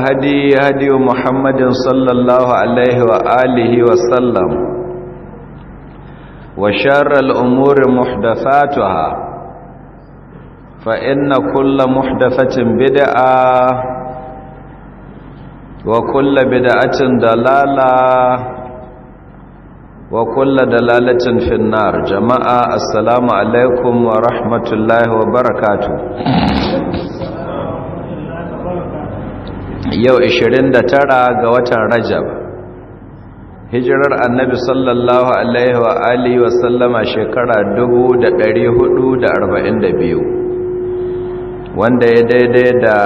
هدي هدي محمد صلى الله عليه وآله وسلم وشر الأمور محدثاتها فإن كل محدثة بدعة وكل بدعة دلالة وكل دلالة في النار جماعة السلام عليكم ورحمة الله وبركاته yau 29 ga watan rajab hijirar annabi sallallahu alaihi wa alihi wa sallama shekara 442 wanda ya daidai da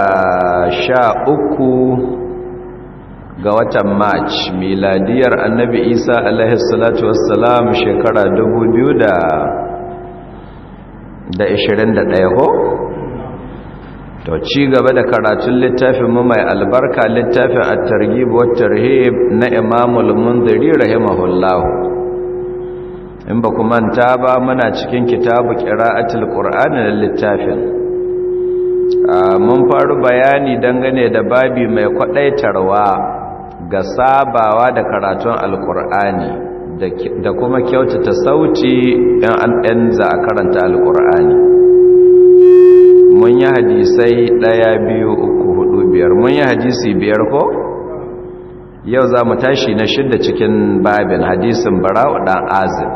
sha uku ga watan march miladiyar annabi isa alaihi salatu wassalam shekara 2021 ko? to ci gaba da karatun littafin mu mai albarka littafin at-targhib wa tarhib na Imam al-Mundhiri rahimahullah in ba ku manta ba muna cikin kitabu qira'atul qur'an da littafin mun faru bayani dangane da babi mai kwadaitarwa ga sabawa da karatun al al-qur'ani da kuma kyautata sauti yan an za a karanta Al-Ƙur'ani. mun yi hadisai ɗaya biyu uku hudu biyar mun yi hadisi biyar ko yau za mu tashi na shidda cikin babin hadisin bara'u ɗan azib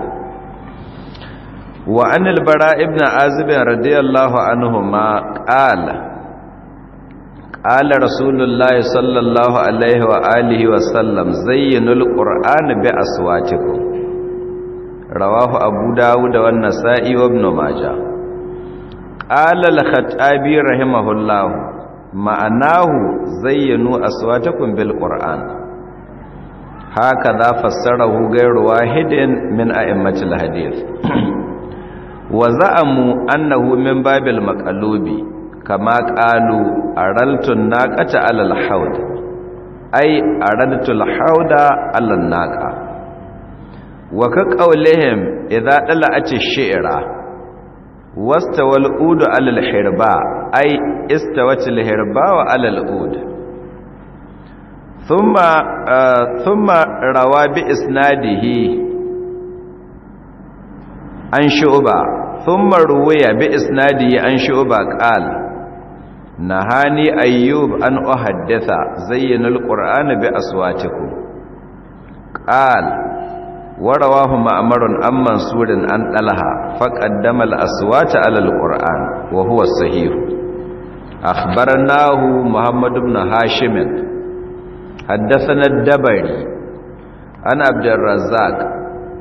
wa anil bara ibn azibin radiyallahu anhu ma ƙala ƙala rasulullahi sallallahu alaihi wa alihi wa sallam zayyinul ƙur'ani bi aswatikum rawahu abu dawud wa nasai wa ibn majah qala al rahima rahimahullah ma'anahu zayyanu aswatakum bil qur'an za fassarahu ghayru wahidin min a'immatil hadith wa za'amu annahu min babil maqalubi kama qalu araltun naqata alal haud ay aradtul hauda alal naqa wa ka qawlihim idza dala'ati shi'ra wastawal udu alal hirba ai istawatil hirba wa alal udu thumma uh, thumma rawa bi isnadihi an shu'ba thumma ruwiya bi isnadihi an shu'ba qala nahani ayyub an uhadditha zayyana alqur'ana bi aswatikum qala warawahu ma'amarun an mansurin an ɗalaha faƙaddama al’aswata alal ƙur'an wa huwa sahihu akhbarnahu muhammadu na hashimin haddasana dabari an abdurrazzak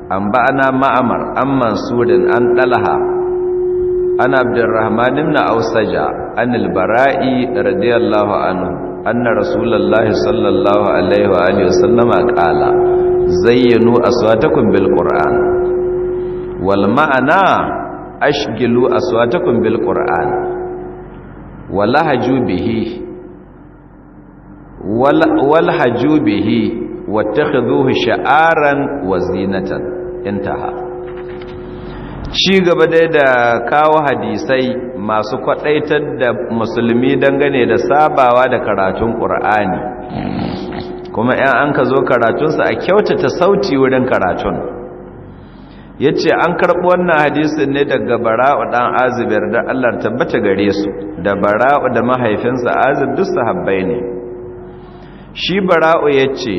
an ba'ana ma'amar an mansurin an ɗalaha an abdurrahman bin ausaja an albara'i radiyallahu anhu anna rasulullahi sallallahu alaihi wa alihi wasallama qala zayyanu aswatakum bil qur'an wal ma'ana ashgilu aswatakum bil qur'an wala hajubihi wal hajubihi wattakhidhuhu sha'aran wa zinatan intaha ci gaba dai da kawo hadisai masu kwadaitar da musulmi dangane da sabawa da karatun qur'ani kuma ‘yan an ka zo karatunsa a kyautata sauti wurin karatun ya ce an karɓi wannan hadisin ne daga bara'u ɗan azibir da allah tabbata gare su da bara'u da mahaifinsa azib duk sahabbai ne shi bara'u ya ce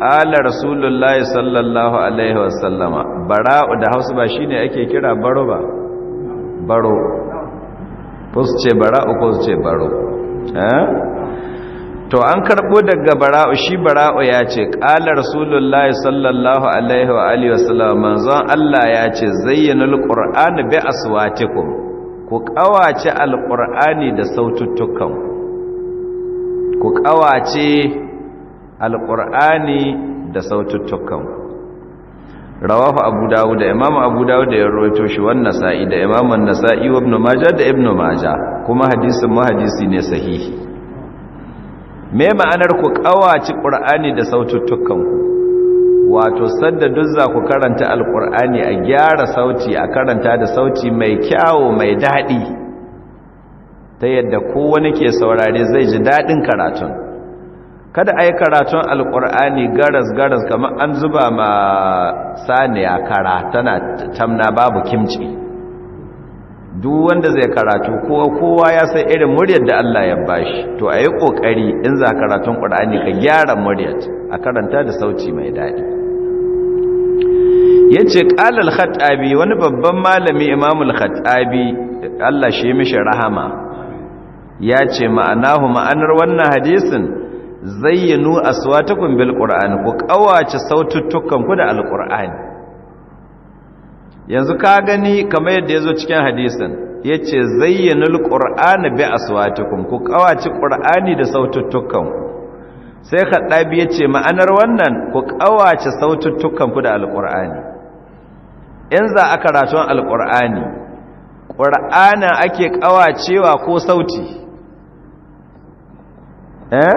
ƙala rasulullahi sallallahu alaihi wasallama bara'u da hausa ba shi ne ake kira baro ba baro ko su ce bara'u ko su ce baro eh? to an karɓo daga bara'u shi bara'u ya ce ƙala rasulullahi sallallahu alaihi wa alihi wasallam manzon Allah ya ce zayyanul qur'ana bi aswatikum ku ƙawace alqur'ani da saututtukan ku kawace alqur'ani da saututtukan rawahu abu dawud da imam abu dawud da ya rawaito shi wannan sa'i da imam an-nasa'i ibn majah da ibn majah kuma hadisin ma hadisi ne sahihi me ma'anar ku kawaci qur'ani da saututtukan ku wato sadda duk za ku karanta Alƙur'ani a gyara sauti a karanta da sauti mai kyawo mai daɗi, ta yadda kowane ke saurare zai ji daɗin karatun kada a yi karatun Alƙur'ani garas garas kamar an zuba ma saniya kara tana tamna babu kimci duk wanda zai karatu kowa kowa ya san irin muryar da Allah ya bashi to a yi ƙoƙari in za karatun ƙur'ani ka gyara muryar a karanta da sauci mai daɗi ya ce ƙalal khattabi wani babban malami imamul khattabi Allah shi mishi rahama ya ce ma'anahu ma'anar wannan hadisin zayyanu aswatakum bil qur'an ku kawace saututtukan ku da alqur'ani yanzu ka gani kamar yadda ya zo cikin hadisin ya ce zayyanul ƙur'ani bi aswatikum ku ƙawace ƙur'ani da saututtukanku sai haɗabi ya ce ma'anar wannan ku ƙawace saututtukanku da alƙur'ani in za a karatun alƙur'ani ƙur'anin ake ƙawacewa ko sauti eh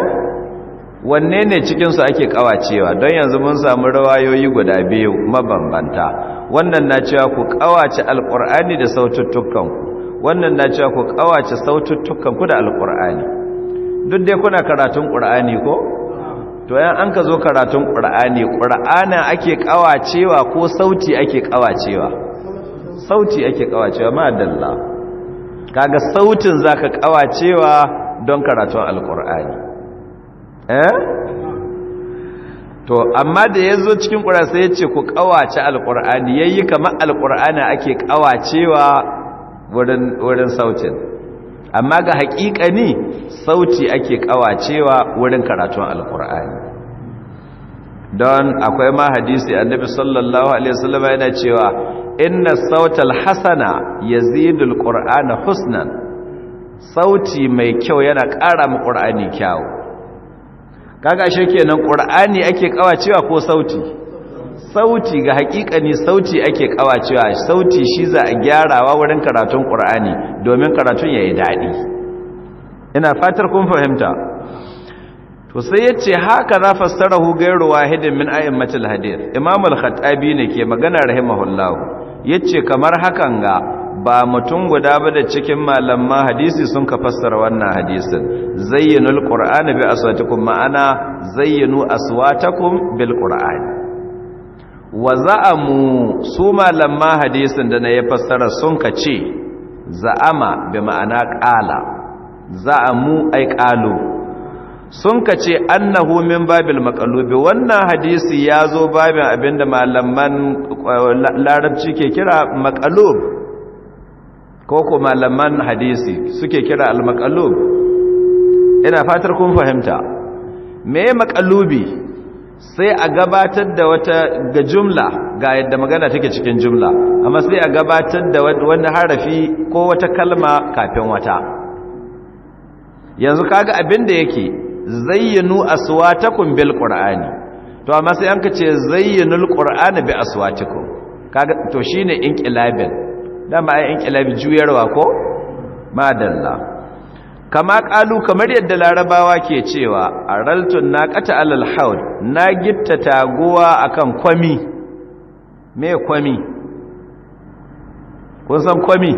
wanne ne cikinsu ake ƙawacewa don yanzu mun samu rawayoyi guda biyu mabambanta wannan na cewa ku kawace alkur'ani da saututtukan ku wannan na cewa ku kawace saututtukan ku da alkur'ani duk dai kuna karatun qur'ani ko to yan an ka zo karatun qur'ani qur'ana ake kawacewa ko sauti ake kawacewa sauti ake kawacewa ma dalla kaga sautin zaka kawacewa don karatun alkur'ani eh to amma da ya zo cikin ƙura sai ya ce ku ƙawace alƙur'ani ya yi kama alƙur'ani ake ƙawacewa wurin sautin amma ga haƙiƙani sauti ake ƙawacewa wurin karatun alƙur'ani don akwai ma hadisi annabi sallallahu alaihi wasallam yana cewa inna sautal hasana yazidul qur'ana husnan sauti mai kyau yana ƙara mu qur'ani kyau kaga ashe kenan qur'ani ake kawacewa ko sauti sauti ga ne sauti ake kawacewa sauti shi za a gyarawa wurin karatun qur'ani domin karatun yayi dadi ina fatar kun fahimta to sai yace haka za fassarahu gairu wahidin min a'immatil hadith imam al-khattabi ne ke magana rahimahullahu yace kamar hakan ga ba mutum guda ba da cikin malamma hadisi sun ka fassara wannan hadisin zayyinul qur'ana bi aswatikum ma'ana zayyinu aswatakum bil qur'ani wa za'amu su malamma hadisin da na fassara sun ka ce za'ama bi ma'ana qala za'amu ai qalu sun ka ce annahu min babil maqalubi wannan hadisi ya zo babin abinda malamman eh, larabci ke kira maqalub ko ko malaman hadisi suke kira al-maqallub ina fatar kun fahimta me maqallubi sai a gabatar da wata ga jumla ga yadda magana take cikin jumla amma sai a gabatar da wani harafi ko wata kalma kafin wata yanzu kaga abin da yake zayyanu aswatakum bil qur'ani to amma sai an kace zayyinul qur'ana bi aswatikum kaga to shine inqilabin dama ayin kilabi juyarwa ko madalla kama kalu kamar yadda larabawa ke cewa araltun naqata alal haud na gitta taguwa akan kwami me kwami kun san kwami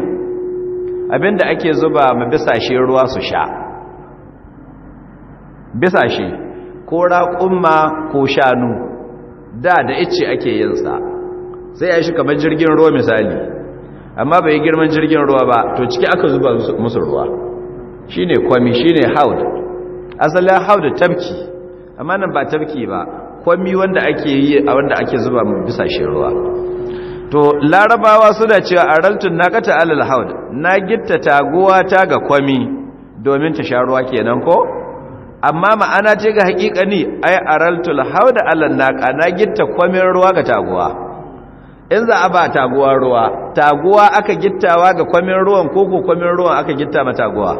abinda ake zuba ma bisashe ruwa su sha bisashe ko raƙumma ko shanu da da ice ake yinsa sai ya shi kamar jirgin ruwa misali amma bai girman jirgin ruwa ba to ciki aka zuba musu ruwa shine kwami shine haud asalin haud tabki amma nan ba tabki ba kwami wanda ake yi a wanda ake zuba mu bisa shi ruwa to larabawa suna cewa araltun naqata alal haud na gitta taguwa ta ga kwami domin ta sha ruwa kenan ko amma ma'ana ce ga hakika ni ai araltul haud alal naqa na gitta kwamin ruwa ga taguwa in za a ba taguwa ruwa taguwa aka gittawa ga kwamin ruwan ko ko kwamin ruwan aka gitta ma taguwa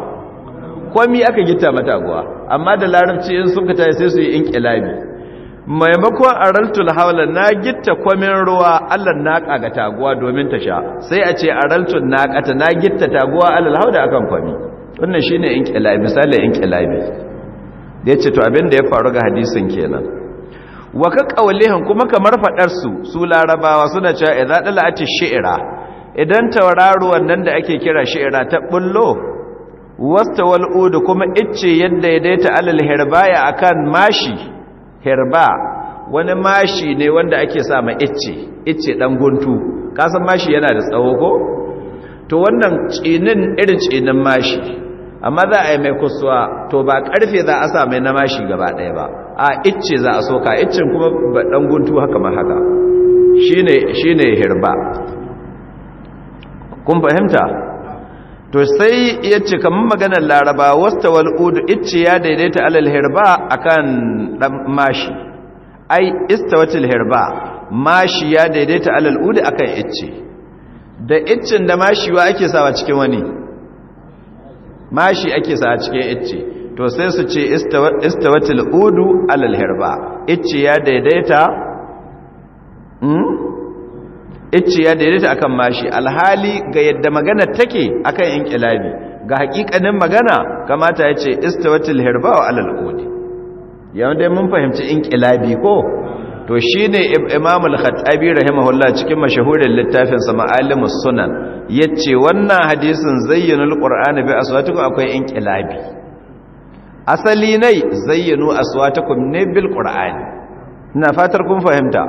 kwami aka gitta ma taguwa amma da larabci in sun ka tayi sai su yi inqilabi maimakon araltul hawla na gitta kwamin ruwa Allah na kaga taguwa domin ta sha sai a ce araltul naqata na gitta taguwa alal hawda akan kwami wannan shine inqilabi misalin inqilabi da yace to abin da ya faru ga hadisin kenan wa ka kuma kamar fadar su su larabawa suna cewa da la'ati shi'ira, idan tauraro wannan da ake kira shi'ira ta bullo wasta wal kuma icce yadda ya daita alal ya akan mashi hirba wani mashi ne wanda ake sa ma icce icce dan guntu kasan mashi yana da tsawo ko to wannan tsinin irin tsinin mashi amma za a yi mai kusuwa to ba karfe za a sa mai na mashi gaba ɗaya ba a icce za a soka iccen kuma dan guntu haka ma haka shi ne hirba kun fahimta to sai ya ce kamar maganar laraba wasta wal'udu icce ya daidaita alal hirba akan dan mashi ai istawatil hirba mashi ya daidaita alal udu akan icce da iccen da mashiwa ake sawa cikin wani mashi ake sawa cikin icce to sai su ce istawatil udu alal hirba icce ya daidaita hmm icce ya daidaita akan mashi alhali ga yadda magana take akan inqilabi ga hakikanin magana kamata ya ce istawatil hirba wa alal udi dai mun fahimci inqilabi ko to shine imam al khatabi rahimahullah cikin mashahurin littafin sa ma'alimus sunan yace wannan hadisin zayyinul qur'ani bi aswatikum akwai inqilabi asali nai zayyano aswatakum ne bil qur'ani ina fatar kun fahimta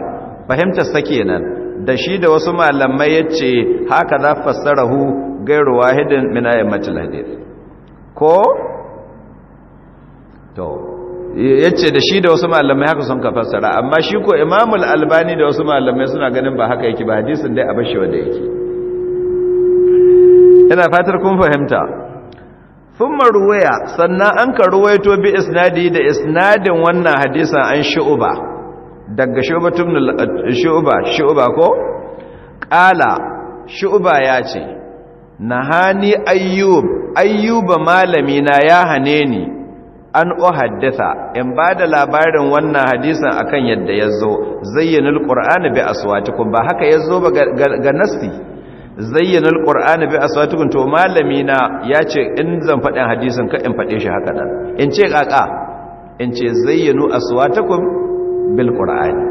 fahimtar sa kenan da shi da wasu malamai yace haka za fassarahu gairu wahidin min ayyatil hadith ko to yace da shi da wasu malamai haka sun ka fassara amma shi ko imamul albani da wasu malamai suna ganin ba haka yake ba hadisin dai a bashi wanda yake ina fatar kun fahimta thumma ruwaya sannan an ka ruwaito bi isnadi da isnadin wannan hadisin an shu'ba daga shu'ba ibn shu'ba shu'ba ko qala shu'ba ya ce nahani ayyub ayyuba malami na ya hane ni an uhaddasa in ba da labarin wannan hadisin akan yadda yazo zayyinul qur'ani bi aswatikum ba haka yazo ba ga nasti zayyana alqur'ani bi aswatikum to malami na yace in zan fada hadisin ka in fade shi haka nan in ce kaka in ce zayyanu aswatakum bil qur'ani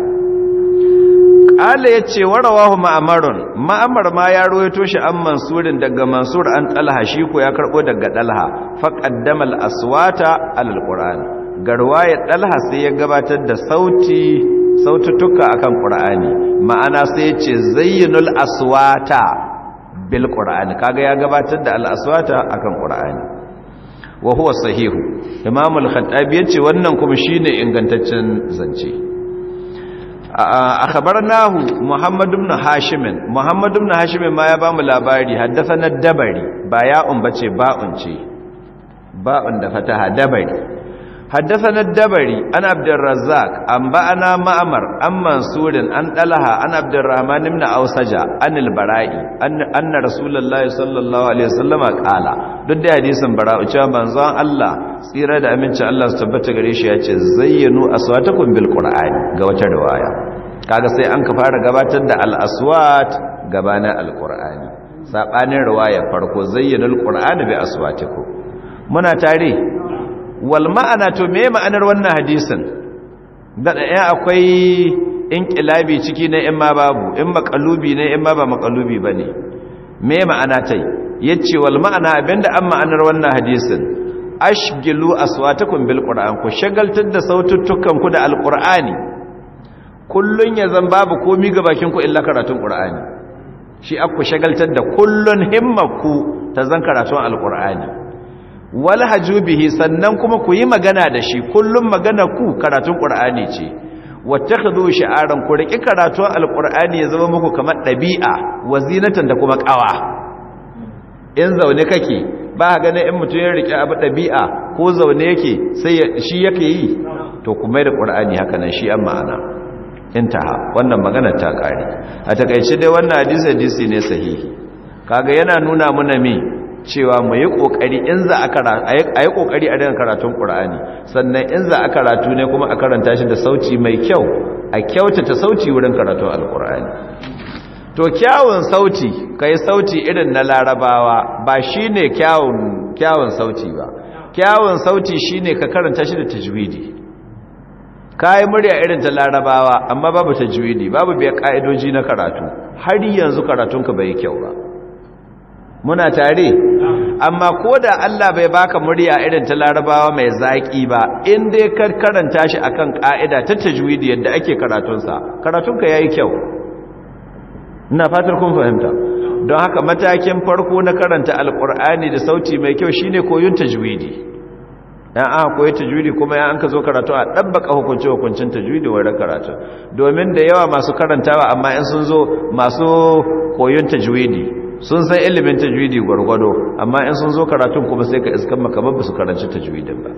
qala yace warawahu ma'amarun ma'amar ma ya ruwaito shi an mansurin daga mansur an talha shi ko ya karbo daga talha fa qaddama al aswata al qur'ani ya ɗalha sai ya gabatar da sauti akan Qur'ani, ma'ana sai ya ce zayyinul aswata bil qur'ani kaga ya gabatar da al aswata akan qur'ani wa huwa sahihu imam al khattabi yace wannan kuma shine ingantaccen zance akhbarnahu muhammad ibn hashim muhammad ibn hashim ma ya bamu labari haddathana dabari ba ya'un bace ba'un ce ba'un da fataha dabari حدثنا الدبري عن عبد الرزاق أنبأنا مأمر عن منصور عن طلحة عن عبد الرحمن بن أوسجة عن البراء أن أن رسول الله صلى الله عليه وسلم قال duk da hadisin bara'u cewa manzon Allah tsira da aminci Allah su tabbata gare shi ya ce zayyanu aswatakum bil qur'ani ga wata riwaya kaga sai an ka fara gabatar da al aswat gabanin al qur'ani sabanin riwaya farko zayyanu al qur'ani bi aswatikum muna tare wal ma'ana to me ma'anar wannan hadisin da akwai inqilabi ciki na in ma babu in makalubi ne in ma ba makalubi bane me ma'ana tai yace wal ma'ana abinda an ma'anar wannan hadisin ashgilu aswatakum bil qur'an ku shagaltar da saututtukan ku da alqur'ani kullun ya zan babu komi ga bakin ku illa karatun qur'ani shi akku shagaltar da kullun himmaku ta zan karatun alqur'ani Walhajubihi, bihi sannan kuma ku yi magana da shi kullum magana ku karatun qur'ani ce ka wattakhadhu shi'aran ku riki karatun alqur'ani ya zama muku kamar dabi'a zinatan da kuma kawa in zaune kake ba ga ganin in mutum ya riki abu dabi'a ko zaune yake sai shi yake yi to kuma da qur'ani haka nan shi an ma'ana intaha wannan magana ta kare a takeice dai wannan hadisi hadisi ne sahihi kaga yana nuna mana mi cewa mu yi kokari in za a karatu yi kokari a daga karatun Qur'ani sannan in za a karatu ne kuma a karanta shi da sauci mai kyau a kyautata sauci wurin karatun al to kyawun sauti kai sauti irin na Larabawa ba shine kyawun kyawun sauti ba kyawun sauti shine ka karanta shi da tajwidi yi murya irin ta larabawa amma babu tajwidi babu biya ka'idoji na karatu har yanzu karatunka bai kyau ba muna tare amma ko da Allah bai baka murya irin ta larabawa mai zaƙi ba in dai ka karanta shi akan ƙa'ida ta tajwidi yadda ake karatunsa karatunka ya yi kyau ina fatar kun fahimta don haka matakin farko na karanta alƙur'ani da sauti mai kyau shine koyon tajwidi dan aka koyi tajwidi kuma ya an ka zo karatu a dabbaka hukunci hukuncin tajwidi wurin karatu domin da yawa masu karantawa amma in sun zo masu koyon tajwidi sun san ilimin tajwidi gwargwado amma in sun zo karatun kuma sai ka iskan makamar ba su karanci tajwidin ba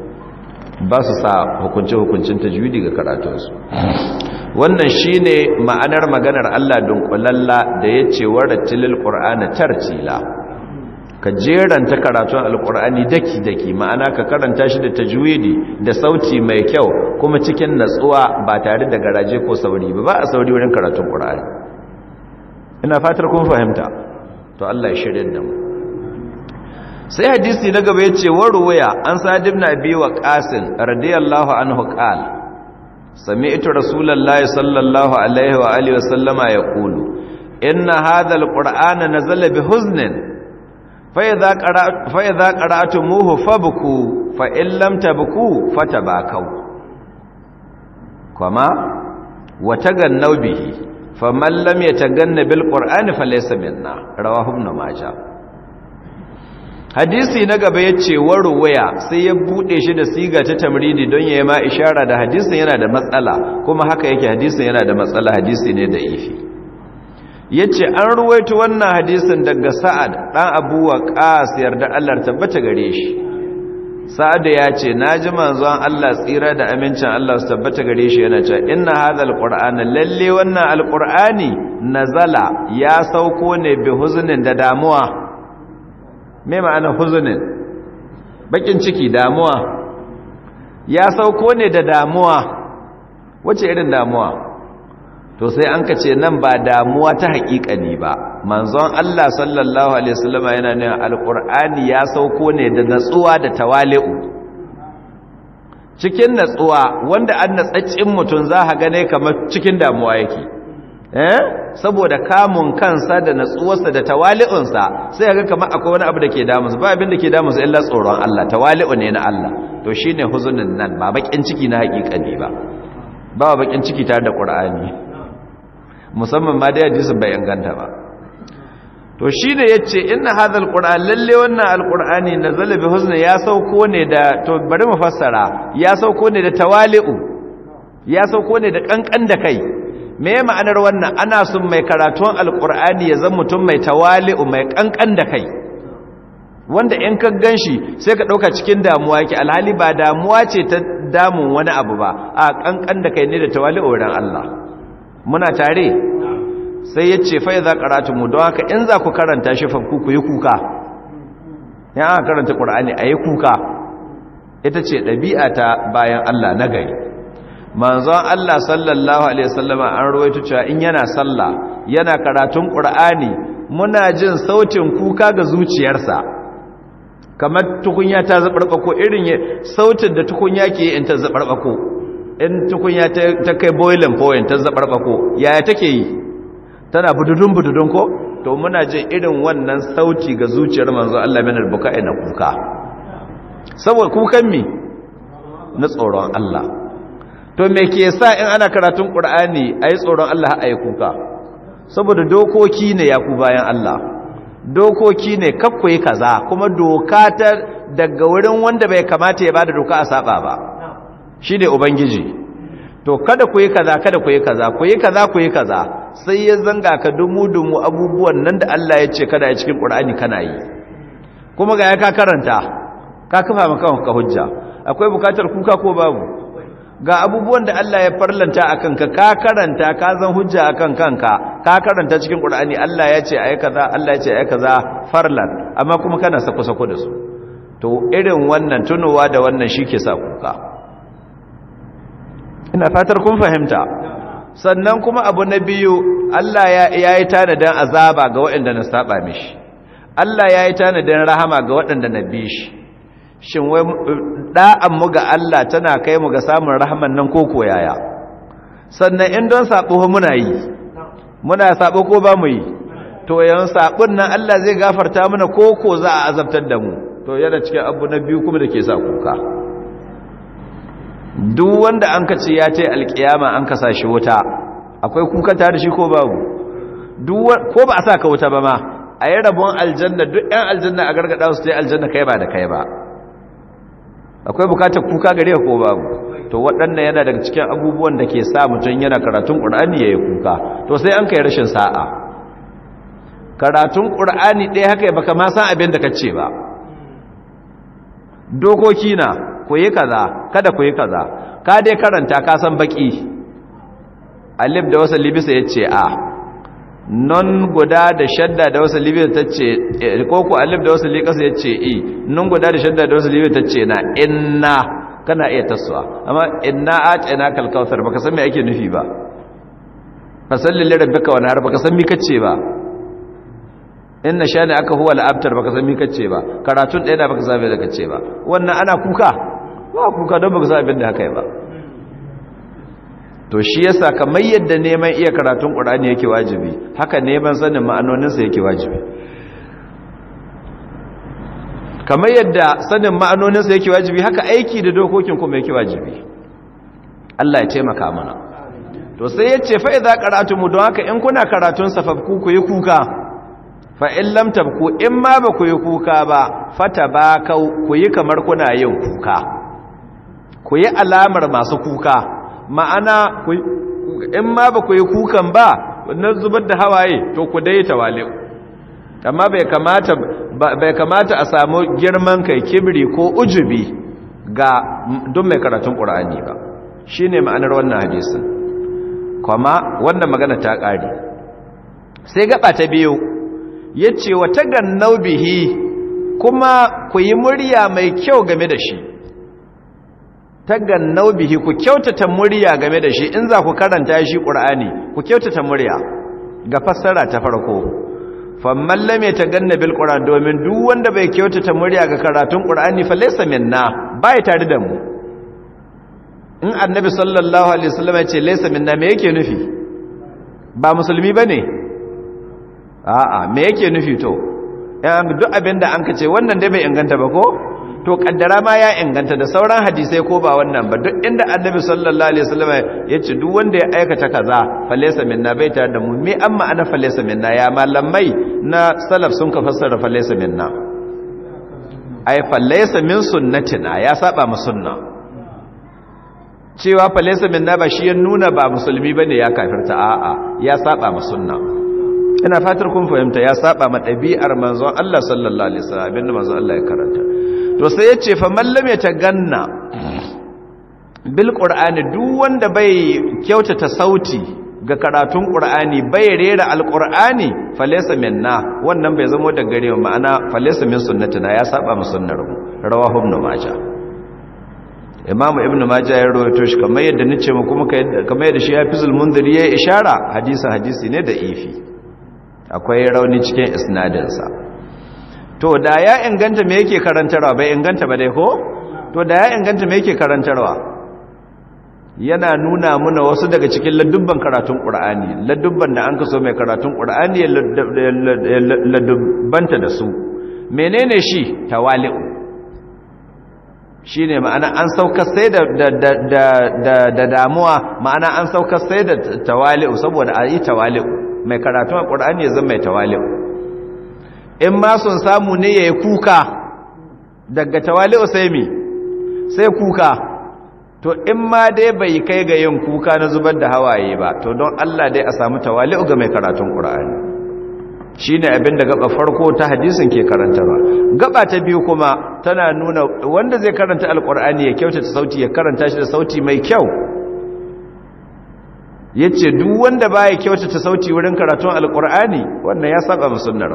ba su sa hukunce-hukuncin tajwidi ga karatunsu wannan shi ne ma'anar maganar Allah dunkulalla da ya ce tilil qur'ana tartila ka jeranta karatun alƙura'ani daki-daki ma'ana ka karanta shi da tajwidi da sauti mai kyau kuma cikin natsuwa ba tare da garaje ko sauri ba ba a sauri wurin karatun qur'ani ina fatar kun fahimta to Allah ya shirya da mu sai hadisi na gaba yace wa ruwaya an sa'id ibn wa waqas radiyallahu anhu qala sami'tu rasulullahi sallallahu alaihi wa alihi wa sallama yaqulu inna hadha alqur'ana nazala bi huznin fa'iza ƙara'atu muhu fabuku fa'illamta buku fata ba kau, Kuma wata gannau bihi فمن لم yataganna بالقران فليس منا رواه ابن ماجه hadisi na gaba yace waruwaya sai ya bude shi da siga ta tamridi don yayi ma ishara da hadisin yana da matsala kuma haka yake hadisin yana da matsala hadisi ne da ifi yace an ruwaito wannan hadisin daga sa'ad dan abu waqas yarda Allah tabbata gare shi sa'adu ya ce na ji manzon Allah tsira da amincin Allah su tabbata gare shi yana cewa inna hadhal qur'ana lalle wannan alqur'ani nazala ya sauko ne bi huzunin da damuwa me ma'ana huzunin bakin ciki damuwa ya sauko ne da damuwa wace irin damuwa to sai an ka ce nan ba damuwa ta haƙiƙani ba manzon Allah sallallahu alaihi wasallama yana ne alqur'ani ya sauko ne da natsuwa da tawali'u cikin natsuwa wanda an natsaccin mutum za ka gane kamar cikin damuwa yake eh saboda kamun kansa da natsuwarsa da tawali'unsa sai ga kamar akwai wani abu da ke damunsa ba abin da ke sai illa tsoron Allah tawali'u ne na Allah to shine huzunin nan ba bakin ciki na hakika ne ba ba bakin ciki tare da Qur'ani musamman ma da hadisi bai inganta ba to shi ne ya ce ina haɗa alƙur'an lalle wannan alƙur'ani na zalabi husna ya sauko ne da to bari mu fassara ya sauko ne da tawali'u ya sauko ne da ƙanƙan da kai me ma'anar wannan ana sun mai karatun alƙur'ani ya zan mutum mai tawali'u mai ƙanƙan da kai wanda in ka gan shi sai ka ɗauka cikin damuwa ke, alhali ba damuwa ce ta damun wani abu ba a ƙanƙan da kai ne da tawali'u ran Allah muna tare sai ya ce fai za mu don haka in za ku karanta shi fanku ku yi kuka ya aka karanta ƙura'ani a yi kuka ita ce ɗabi'a ta bayan allah na gari manzon allah sallallahu alaihi sallama an cewa in yana sallah yana karatun ƙura'ani muna jin sautin kuka ga zuciyarsa kamar tukunya ta zaɓarɓako irin sautin da tukunya ke in ta zaɓarɓako in tukunya ta kai boiling point ta zaɓarɓako yaya take yi tana bududun bududun ko to muna jin irin wannan sauti ga zuciyar manzo Allah min albuka ina kuka saboda kukan mi na tsoron Allah to me ke sa in ana karatun Qur'ani ai tsoron Allah ai kuka saboda dokoki ne ya ku bayan Allah dokoki ne kakkoyi kaza kuma doka ta daga wurin wanda bai kamata ya bada doka a saba ba shine ubangiji to kada ku yi kaza kada ku yi kaza ku yi kaza ku yi kaza sai ya zanga ka dumu-dumu abubuwan nan da Allah ya ce kada ya cikin ƙura'ani kana yi kuma ga ya ka karanta ka kafa maka hujja akwai bukatar kuka ko babu ga abubuwan da Allah ya farlanta a kanka ka karanta ka zan hujja a kan kanka ka karanta cikin ƙura'ani Allah ya ce ayi kaza Allah ya ce kaza farlan amma kuma kana sako-sako da su to irin wannan tunowa da wannan shi ke sa kuka ina fatar kun fahimta sannan kuma abu na biyu Allah ya yi tanadin azaba ga waɗanda na saba mishi Allah ya yi tanadin rahama ga waɗanda na bi shi shin wai mu ga Allah tana kai mu ga samun rahaman nan ko koyaya sannan in don sabo muna yi muna sabo ko ba mu yi to yan sabon nan Allah zai gafarta mana ko ko za a azabtar da mu to yana cikin abu na biyu kuma da ke sa kuka duk wanda an kace ya ce alkiyama an kasa shi wuta akwai kuka ta da shi ko babu ko ba a sa ka wuta ba ma a yi rabon aljanna duk ɗan aljanna a gargada su ta yi aljanna kai ba da kai ba akwai bukatar kuka gare ko babu to waɗannan yana daga cikin abubuwan da ke sa mutum yana karatun ƙur'ani ya yi kuka to sai an kai rashin sa'a karatun ƙur'ani ɗaya haka baka ma san abin da ka ce ba dokoki na ku yi kaza kada ku yi kaza ka dai karanta ka san baki alif da wasa libisa ya ce a non guda da shadda da wasa libisa ta ce eh, ko ku alif da wasa likasa ya ce i non guda da shadda da wasa libisa ta ce na inna kana iya taswa amma inna a tsina kalkautar baka san me ake nufi ba fasallin lirabbika wani har baka san mi kace ba in na shani aka huwa la'abtar baka san mi kace ba karatun ɗaya da baka zabe da kace ba wannan ana kuka ba kuka don baka sa abin da haka yi ba to shi yasa kamar yadda neman iya karatun ƙur'ani yake wajibi haka neman sanin ma'anoninsa yake wajibi kamar yadda sanin ma'anoninsa yake wajibi haka aiki da dokokin kuma yake wajibi Allah ya taimaka mana to sai ya ce za karatu mu don haka in kuna karatun safafku ku yi kuka fa'in lamtabku in ma ba ku yi kuka ba fata ba kau ku yi kamar kuna yin kuka ku yi alamar masu kuka ma'ana in ma ba ku yi kukan ba na zubar da hawaye to ku dai ta wale. amma bai kamata a samu girman kai kibri ko ujubi ga don mai karatun ƙur'ani ba Shi ne ma'anar wannan hadisun kuma wannan magana ta ƙare sai gaba ta biyu Ya ce, wa tagannau bihi kuma ku yi murya mai kyau game da shi tagannau bihi ku kyautata murya game da shi in za ku karanta shi qur'ani ku kyautata murya ga fassara ta farko famman lam ta bil qur'an domin duk wanda bai kyautata murya ga karatun qur'ani fa laysa minna bai tare da mu in annabi sallallahu alaihi wasallam ya ce laysa minna me yake nufi ba musulmi bane a'a me yake nufi to duk abinda an ka ce wannan dai bai inganta ba ko to kaddara ma ya inganta da sauran hadisai ko ba wannan ba duk inda annabi sallallahu alaihi wasallam ya ce duk wanda ya aikata kaza falaysa minna bai ta da mu me amma ana falaysa minna ya malamai na salaf sun ka fassara falaysa minna ai falaysa min sunnatina ya saba mu sunna cewa falaysa minna ba shi ya nuna ba musulmi bane ya kafirta a'a ya saba mu sunna ina fatar kun fahimta ya saba ma ɗabi'ar manzon Allah sallallahu alaihi wasallam abinda manzon Allah ya karanta to sai ya ce fa mallam ya taganna bil qur'ani duk wanda bai kyautata sauti ga karatun qur'ani bai rera alqur'ani falaysa minna wannan bai zama da gare mu ma'ana falaysa min sunnatina ya saba mu sunnar mu rawahu ibn majah imamu ibn majah ya rawaito shi kamar yadda nace mu kuma kamar yadda shi ya fi mundhiri ya ishara hadisi hadisi ne da ifi akwai rauni cikin isnadinsa to da ya inganta me yake karantarwa bai inganta ba dai ko to da ya inganta me yake karantarwa yana nuna muna wasu daga cikin ladubban karatun qur'ani ladubban da an kaso mai karatun qur'ani ya ladubbanta da su menene shi tawali'u shine ma'ana an saukar sai da damuwa ma'ana an saukar sai da tawali'u saboda a yi tawali'u mai karatun qur'ani ya zama mai tawali'u in ma sun samu ne ya kuka daga tawali'u sai sai kuka to in ma dai bai kai ga yin kuka na zubar da hawaye ba to don Allah dai a samu tawali'u ga mai karatun Qur'ani ne abin da gaba farko ta hadisin ke karanta ba gaba ta biyu kuma tana nuna wanda zai karanta alqur'ani ya kyautata sauti ya karanta shi da sauti mai kyau Ya ce duk wanda baya kyautata sauti wurin karatun alkur'ani wannan ya saba sunnar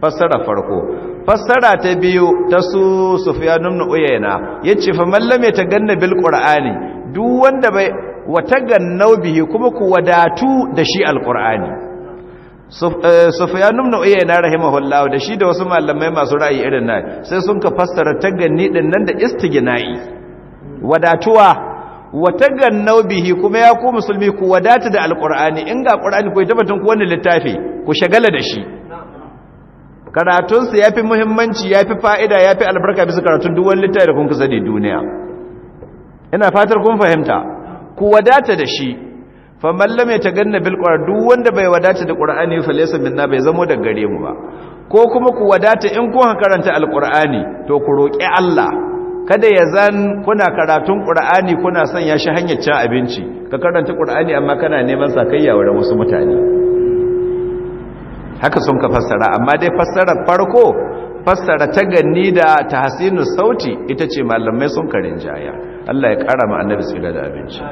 fassara farko fassara ta biyu ta su sufyan ibn uyayna yace fa man lam yataganna bil qur'ani duk wanda bai watagannau bihi kuma ku wadatu da shi alqur'ani eh, sufyan ibn uyayna rahimahullah da shi da wasu malamai masu ra'ayi irin nan sai sun ka fassara taganni din nan da istighna'i wadatuwa watagannau bihi kuma ya ku musulmi ku wadatu da alqur'ani in ga qur'ani ku tabbatun ku wannan littafi ku shagala da shi karatunsa ya fi muhimmanci ya fi fa'ida ya fi albarka bisa karatun duk wani littafi da kun kusa da duniya ina fatar kun fahimta ku wadata da shi faman ta ganna bil qur'an duk wanda bai wadata da qur'ani fa laysa minna bai zamo da gare mu ba ko kuma ku wadata in kun karanta alqur'ani to ku roki Allah kada ya zan kuna karatun qur'ani kuna son ya shi hanyar cin abinci ka karanta qur'ani amma kana neman sakayya wa wasu mutane haka sun ka fassara amma dai fassarar farko fassara ta ganni da tahsinu sauti ita ce malamai sun karin jaya Allah ya kara annabi tsira da abinci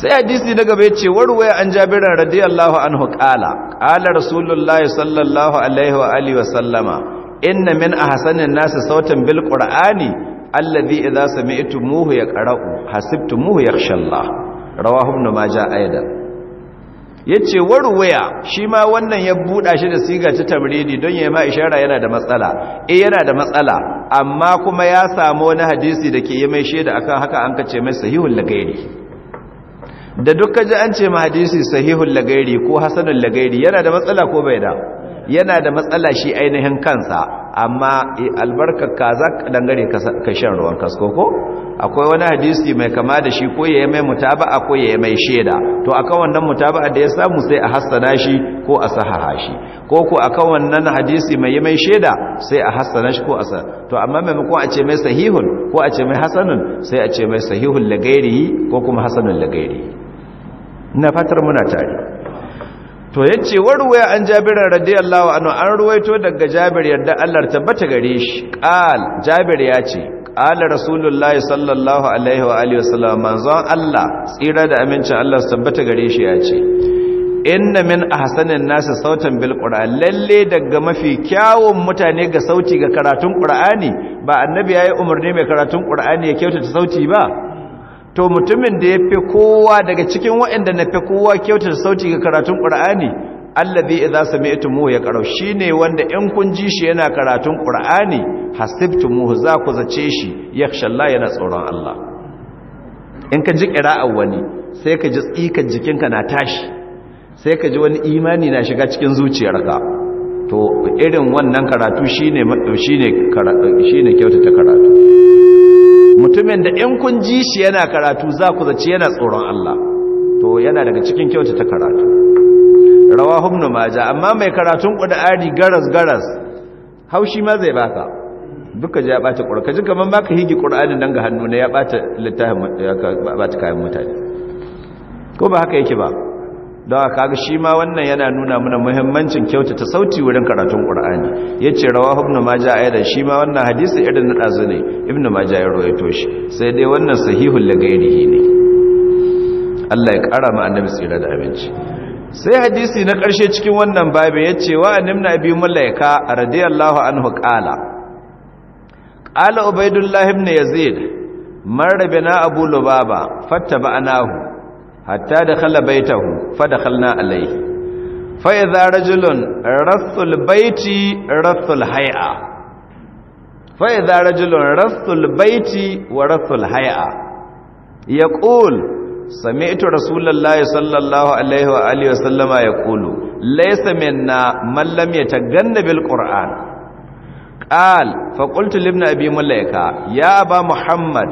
sai hadisi na gaba yace warwaya an jabira radiyallahu anhu qala qala rasulullahi sallallahu alaihi wa alihi wa sallama inna min ahsanin nasi sautan bil qur'ani alladhi idza sami'tumuhu yaqra'u hasibtumuhu yakhsha Allah rawahu ibn majah aidan ya ce waruwaya shi ma wannan ya buɗa shi da siga ta tamridi don ya ma ishara yana da matsala eh yana da matsala amma kuma ya samu wani hadisi da ke yi mai shaida akan haka an kace mai sahihul lagairi da duk kaji an ce ma hadisi sahihun lagairi ko hasanul lagairi yana da matsala ko bai da yana da matsala shi ainihin kansa amma albarka kaza dangare ka shan ruwan kasko ko akwai wani hadisi mai kama da shi ko yayi mai mutaba'a ko yayi mai sheda to akan wannan mutaba'a da ya samu sai a hassana shi ko a sahaha shi ko ko akan wannan hadisi mai mai sheda sai a hassana shi ko a sa to amma maimakon a ce mai sahihun ko a ce mai hasanun sai a ce mai sahihul lagairi ko kuma hasanun lagairi na fatar muna tare to ya ce warwaya an jabir radiyallahu anu an ruwaito daga jabir yadda Allah tabbata gare shi qal jabir yace qala rasulullahi sallallahu alaihi wa alihi wasallam manzon Allah tsira da amincin Allah tabbata gare shi ya ce. inna min ahsanin nasi sautan bil lalle daga mafi kyawun mutane ga sauti ga karatun qur'ani ba annabi yayi umarni mai karatun qur'ani ya kyautata sauti ba to mutumin da ya fi kowa daga cikin waɗanda na fi kowa kyautar sauti ga karatun ƙur'ani allazi idza sami'tumuhu ya Shi shine wanda in kun ji shi yana karatun qur'ani hasibtumuhu za ku zace shi yakhsha Allah yana tsoron Allah in ka ji a wani sai ka ji tsikan jikinka na tashi sai ka ji wani imani na shiga cikin zuciyarka to irin wannan karatu shine shine kyautata karatu mutumin da in kun ji shi yana karatu za ku zaci yana tsoron Allah to yana daga cikin kyauta ta karatu rawahu ibn majah amma mai karatun qur'ani garas garas haushi ma zai baka duka ji ya bata qur'ani kaji kaman ma higi qur'ani nan ga hannu ne ya bata littafin ya bata kayan mutane ko ba haka yake ba don kaga shi ma wannan yana nuna mana muhimmancin kyauta ta sauti wurin karatun Kur'ani. ya ce rawa ibn maja a shi ma wannan hadisi irin na ɗazu ne ibn maja ya rawaito shi sai dai wannan sahihun lagairihi ne Allah ya ƙara ma annabi tsira da abinci sai hadisi na ƙarshe cikin wannan babu ya ce wa annabna abi mulaika radiyallahu anhu qala qala ubaidullah ibn yazid na abu lubaba fattaba'nahu hatta da khala baitahu fa dakhalna alai. fa idza rajulun rasul baiti rasul haia. fa idza rajulun rasul baiti wa rasul hay'a yaqul sami'tu rasulullahi sallallahu alaihi wa alihi wa sallama yaqulu laysa minna na mallamya ta bil qur'an qal fa qultu li ibn abi mulaika ya ba muhammad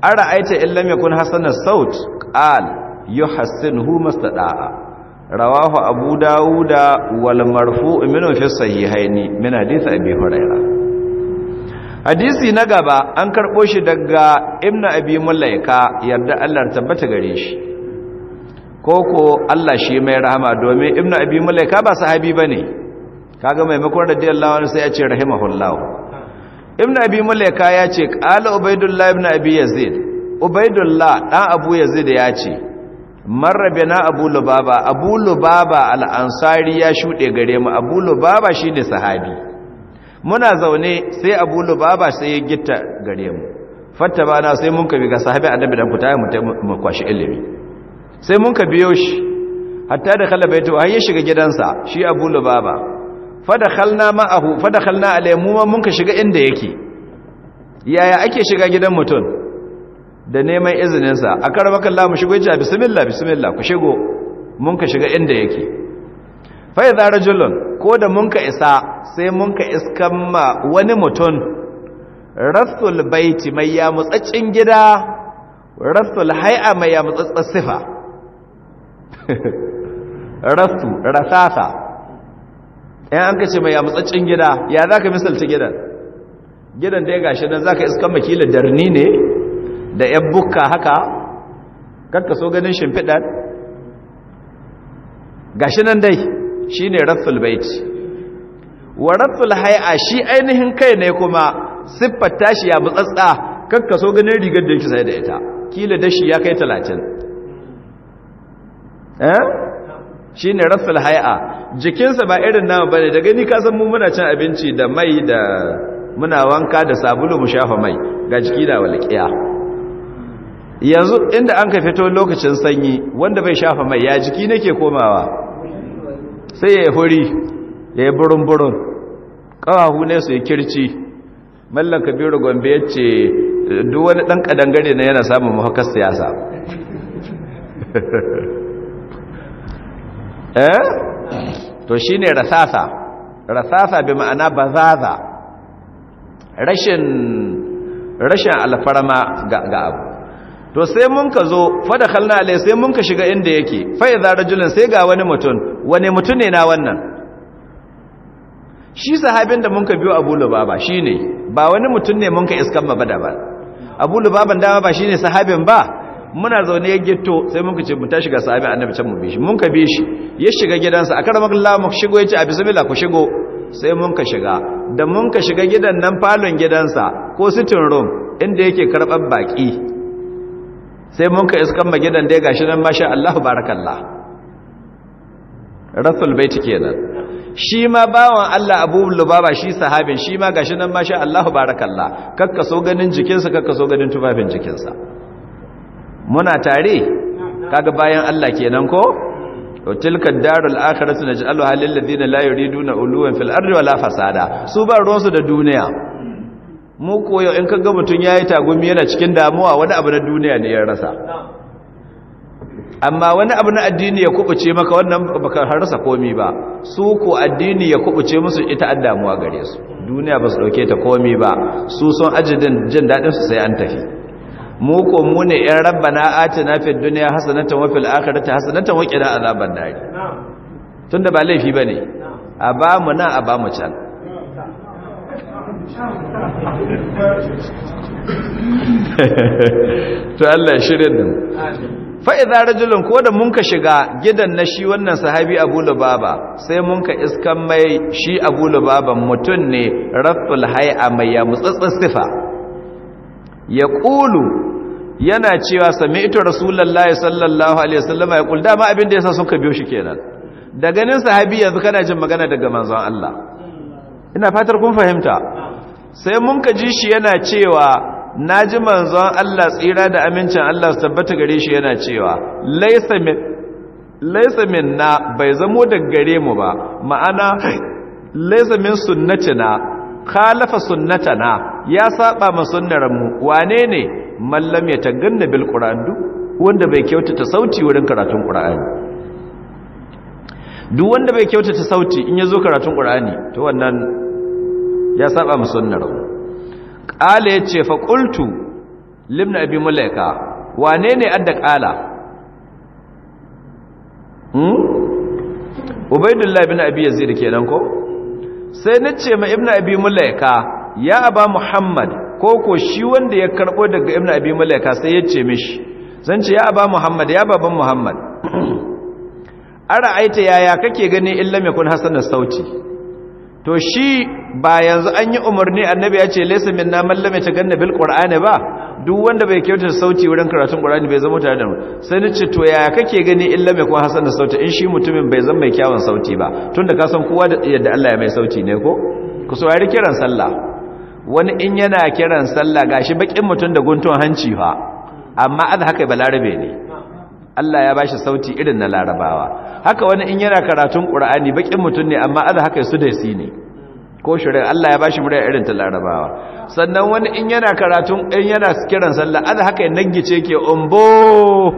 an ara'aita illam kun hasana saut qal yuhassinhu mastada'a rawahu abu dawuda wal marfu' min fi sahihaini min hadith abi hurairah hadisi na gaba an karbo shi daga ibnu abi mulaika yarda Allah tabbata gare shi koko Allah shi mai rahama domin ibnu abi mulaika ba sahabi bane kaga maimakon radiyallahu anhu sai ya ce rahimahullahu ibnu abi mulaika ya ce qala ubaidullah ibnu abi yazid ubaidullah dan abu yazid ya ce marrabina abu lubaba abu lubaba al'ansari ya shuɗe gare mu abu lubaba shi ne sahabi muna zaune sai abu lubaba sai ya gita gare mu fata ba na sai mun ka biga sahabi annabi dan fita mu kwashe ilimi sai mun ka biyo shi hatta da kala baito an ya shiga gidansa shi abu lubaba fadakhalna ma'ahu fadakhalna alayhi mu mun ka shiga inda yake yaya ake shiga gidan mutum da neman izininsa a karbakan lamu shigo ya ce bismillah bismillah ku shigo mun ka shiga inda yake fai zara rajulun ko da mun ka isa sai mun ka iskan ma wani mutum rasul baiti mai ya mutsaccin gida rasul hai'a mai ya mutsaccin sifa rasu rasasa yan an kace mai ya mutsaccin gida ya za ka misalci gidan gidan da ya gashi nan za ka iskan makilin darni ne da ‘yan bukka haka kakka so ganin shimfiɗar Ga shi nan dai shi ne rathul baiti wa rathul hai'a shi ainihin kai ne kuma siffar tashi ya matsatsa kakka so ganin rigar da yake sai da ita kila dashi ya kai talatin eh? shi ne rathul hai'a jikinsa ba irin nama ba ne da gani kasan mu muna cin abinci da mai da muna wanka da sabulu mu shafa mai ga jiki da walƙiya yanzu inda an ka fito lokacin sanyi wanda bai shafa mai ya jiki nake komawa sai ya huri ya yi burin-burin ƙawahu ne su yi kirci mallan kabiru gombe yace, ce duk wani ɗan ƙadangare na yana samun mafakar siyasa eh to shi ne rasasa rasasa bi ma'ana bazaza rashin rashin alfarma ga abu to sai mun ka zo fada khalna alai sai mun ka shiga inda yake fa idza rajulun sai ga wani mutum wani mutum ne na wannan shi sahabin da mun ka biyo Abu Lubaba shine ba wani mutum ne mun ka iskan ba da ba Abu Lubaban dama ba shine sahabin ba muna zaune ya gitto sai mun ka ce mun ta shiga sahabi annabi can mu bi shi mun ka bi shi ya shiga gidansa a karamar Allah mu shigo ce a bismillah ku shigo sai mun ka shiga da mun ka shiga gidan nan falon gidansa ko sitting room inda yake karɓar baki sai mun ka iskan magidan dai gashi nan masha Allah barakallah rasul baiti kenan shi ma bawan Allah Abu Lubaba shi sahabin shi ma gashi nan masha Allah barakallah kakka so ganin jikinsa kakka so ganin tufafin jikinsa muna tare kaga bayan Allah kenan ko to tilka darul akhiratu naj'aluha lil ladina la na uluwan fil ardi wala fasada su ba ruwansu da duniya mu koyo in kaga mutum ya yi tagumi yana cikin damuwa wani abu na duniya ne ya rasa amma wani abu na addini ya kubuce maka wannan baka rasa komi ba su ko addini ya kubuce musu ita an damuwa gare su duniya ba su dauke ta komi ba su son ajidin jin dadin su sai an tafi mu ko mu ne ɗan rabbana atina fid dunya hasanatan wa fil akhirati hasanatan wa qina azaban nar tunda ba laifi bane a ba mu nan a ba mu can to Allah ya shirya da fa rajulun ko da munka shiga gidan na shi wannan sahabi Abu Lubaba sai munka iskan mai shi Abu Lubaba mutun ne raful hay'a mai ya mutsatsar sifa ya qulu yana cewa sami'tu rasulullahi sallallahu alaihi wasallam ya qul dama abin da yasa suka biyo shi kenan da ganin sahabi yanzu kana jin magana daga manzon Allah ina fatar kun fahimta sai mun ka ji shi yana cewa na ji manzon Allah tsira da amincin Allah su tabbata gare shi yana cewa laisa min na bai zamo daggare gare mu ba ma'ana laisa min na khalafa na, ya saba ma sunnar mu wane ne mallam ya taganna bil qur'an duk wanda bai kyautata sauti wurin karatun qur'ani duk wanda bai kyautata sauti in ya zo karatun ƙur'ani to wannan ya saba mu sunnar qala yace fa qultu limna abi mulaika wane ne adda qala hmm ubaydullah ibn abi yazid kenan ko sai nace ma ibn abi mulaika ya aba muhammad ko ko shi wanda ya karbo daga ibn abi mulaika sai yace mishi zan ce ya aba muhammad ya baban muhammad ara aita yaya kake gani illa mai kun hasanar sauti to shi ba yanzu an yi umarni annabi ya ce laysa minna man lam yataganna bil qur'ani ba duk wanda bai kyauta sauti wurin karatun qur'ani bai zama tare da mu sai ni ce to yaya kake gani illa mai kuma hasan da sauti in shi mutumin bai zama mai kyawun sauti ba tunda ka san kowa da yadda Allah ya mai sauti ne ko ku saurari kiran sallah wani in yana kiran sallah gashi bakin mutun da guntun hanci fa amma an haka balarabe ne Allah ya bashi sauti irin na larabawa haka wani in yana karatun qur'ani bakin mutum ne amma azu haka su da su ne ko shirin Allah ya bashi murya irin ta larabawa sannan wani in yana karatun in yana kiran sallah azu haka ya gice ke umbo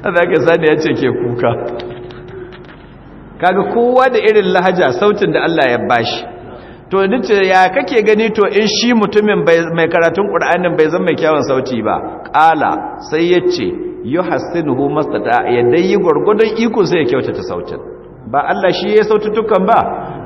azu haka sani ya ce ke kuka kaga kowa da irin lahaja sautin da Allah ya bashi to nace ya kake gani to in shi mutumin mai karatun qur'anin bai zama mai kyawun sauti ba Ƙala sai yace yuhassinuhu mastata ya dai yi gurgudun iko sai ya kyautata sautin ba Allah shi ya sautukan ba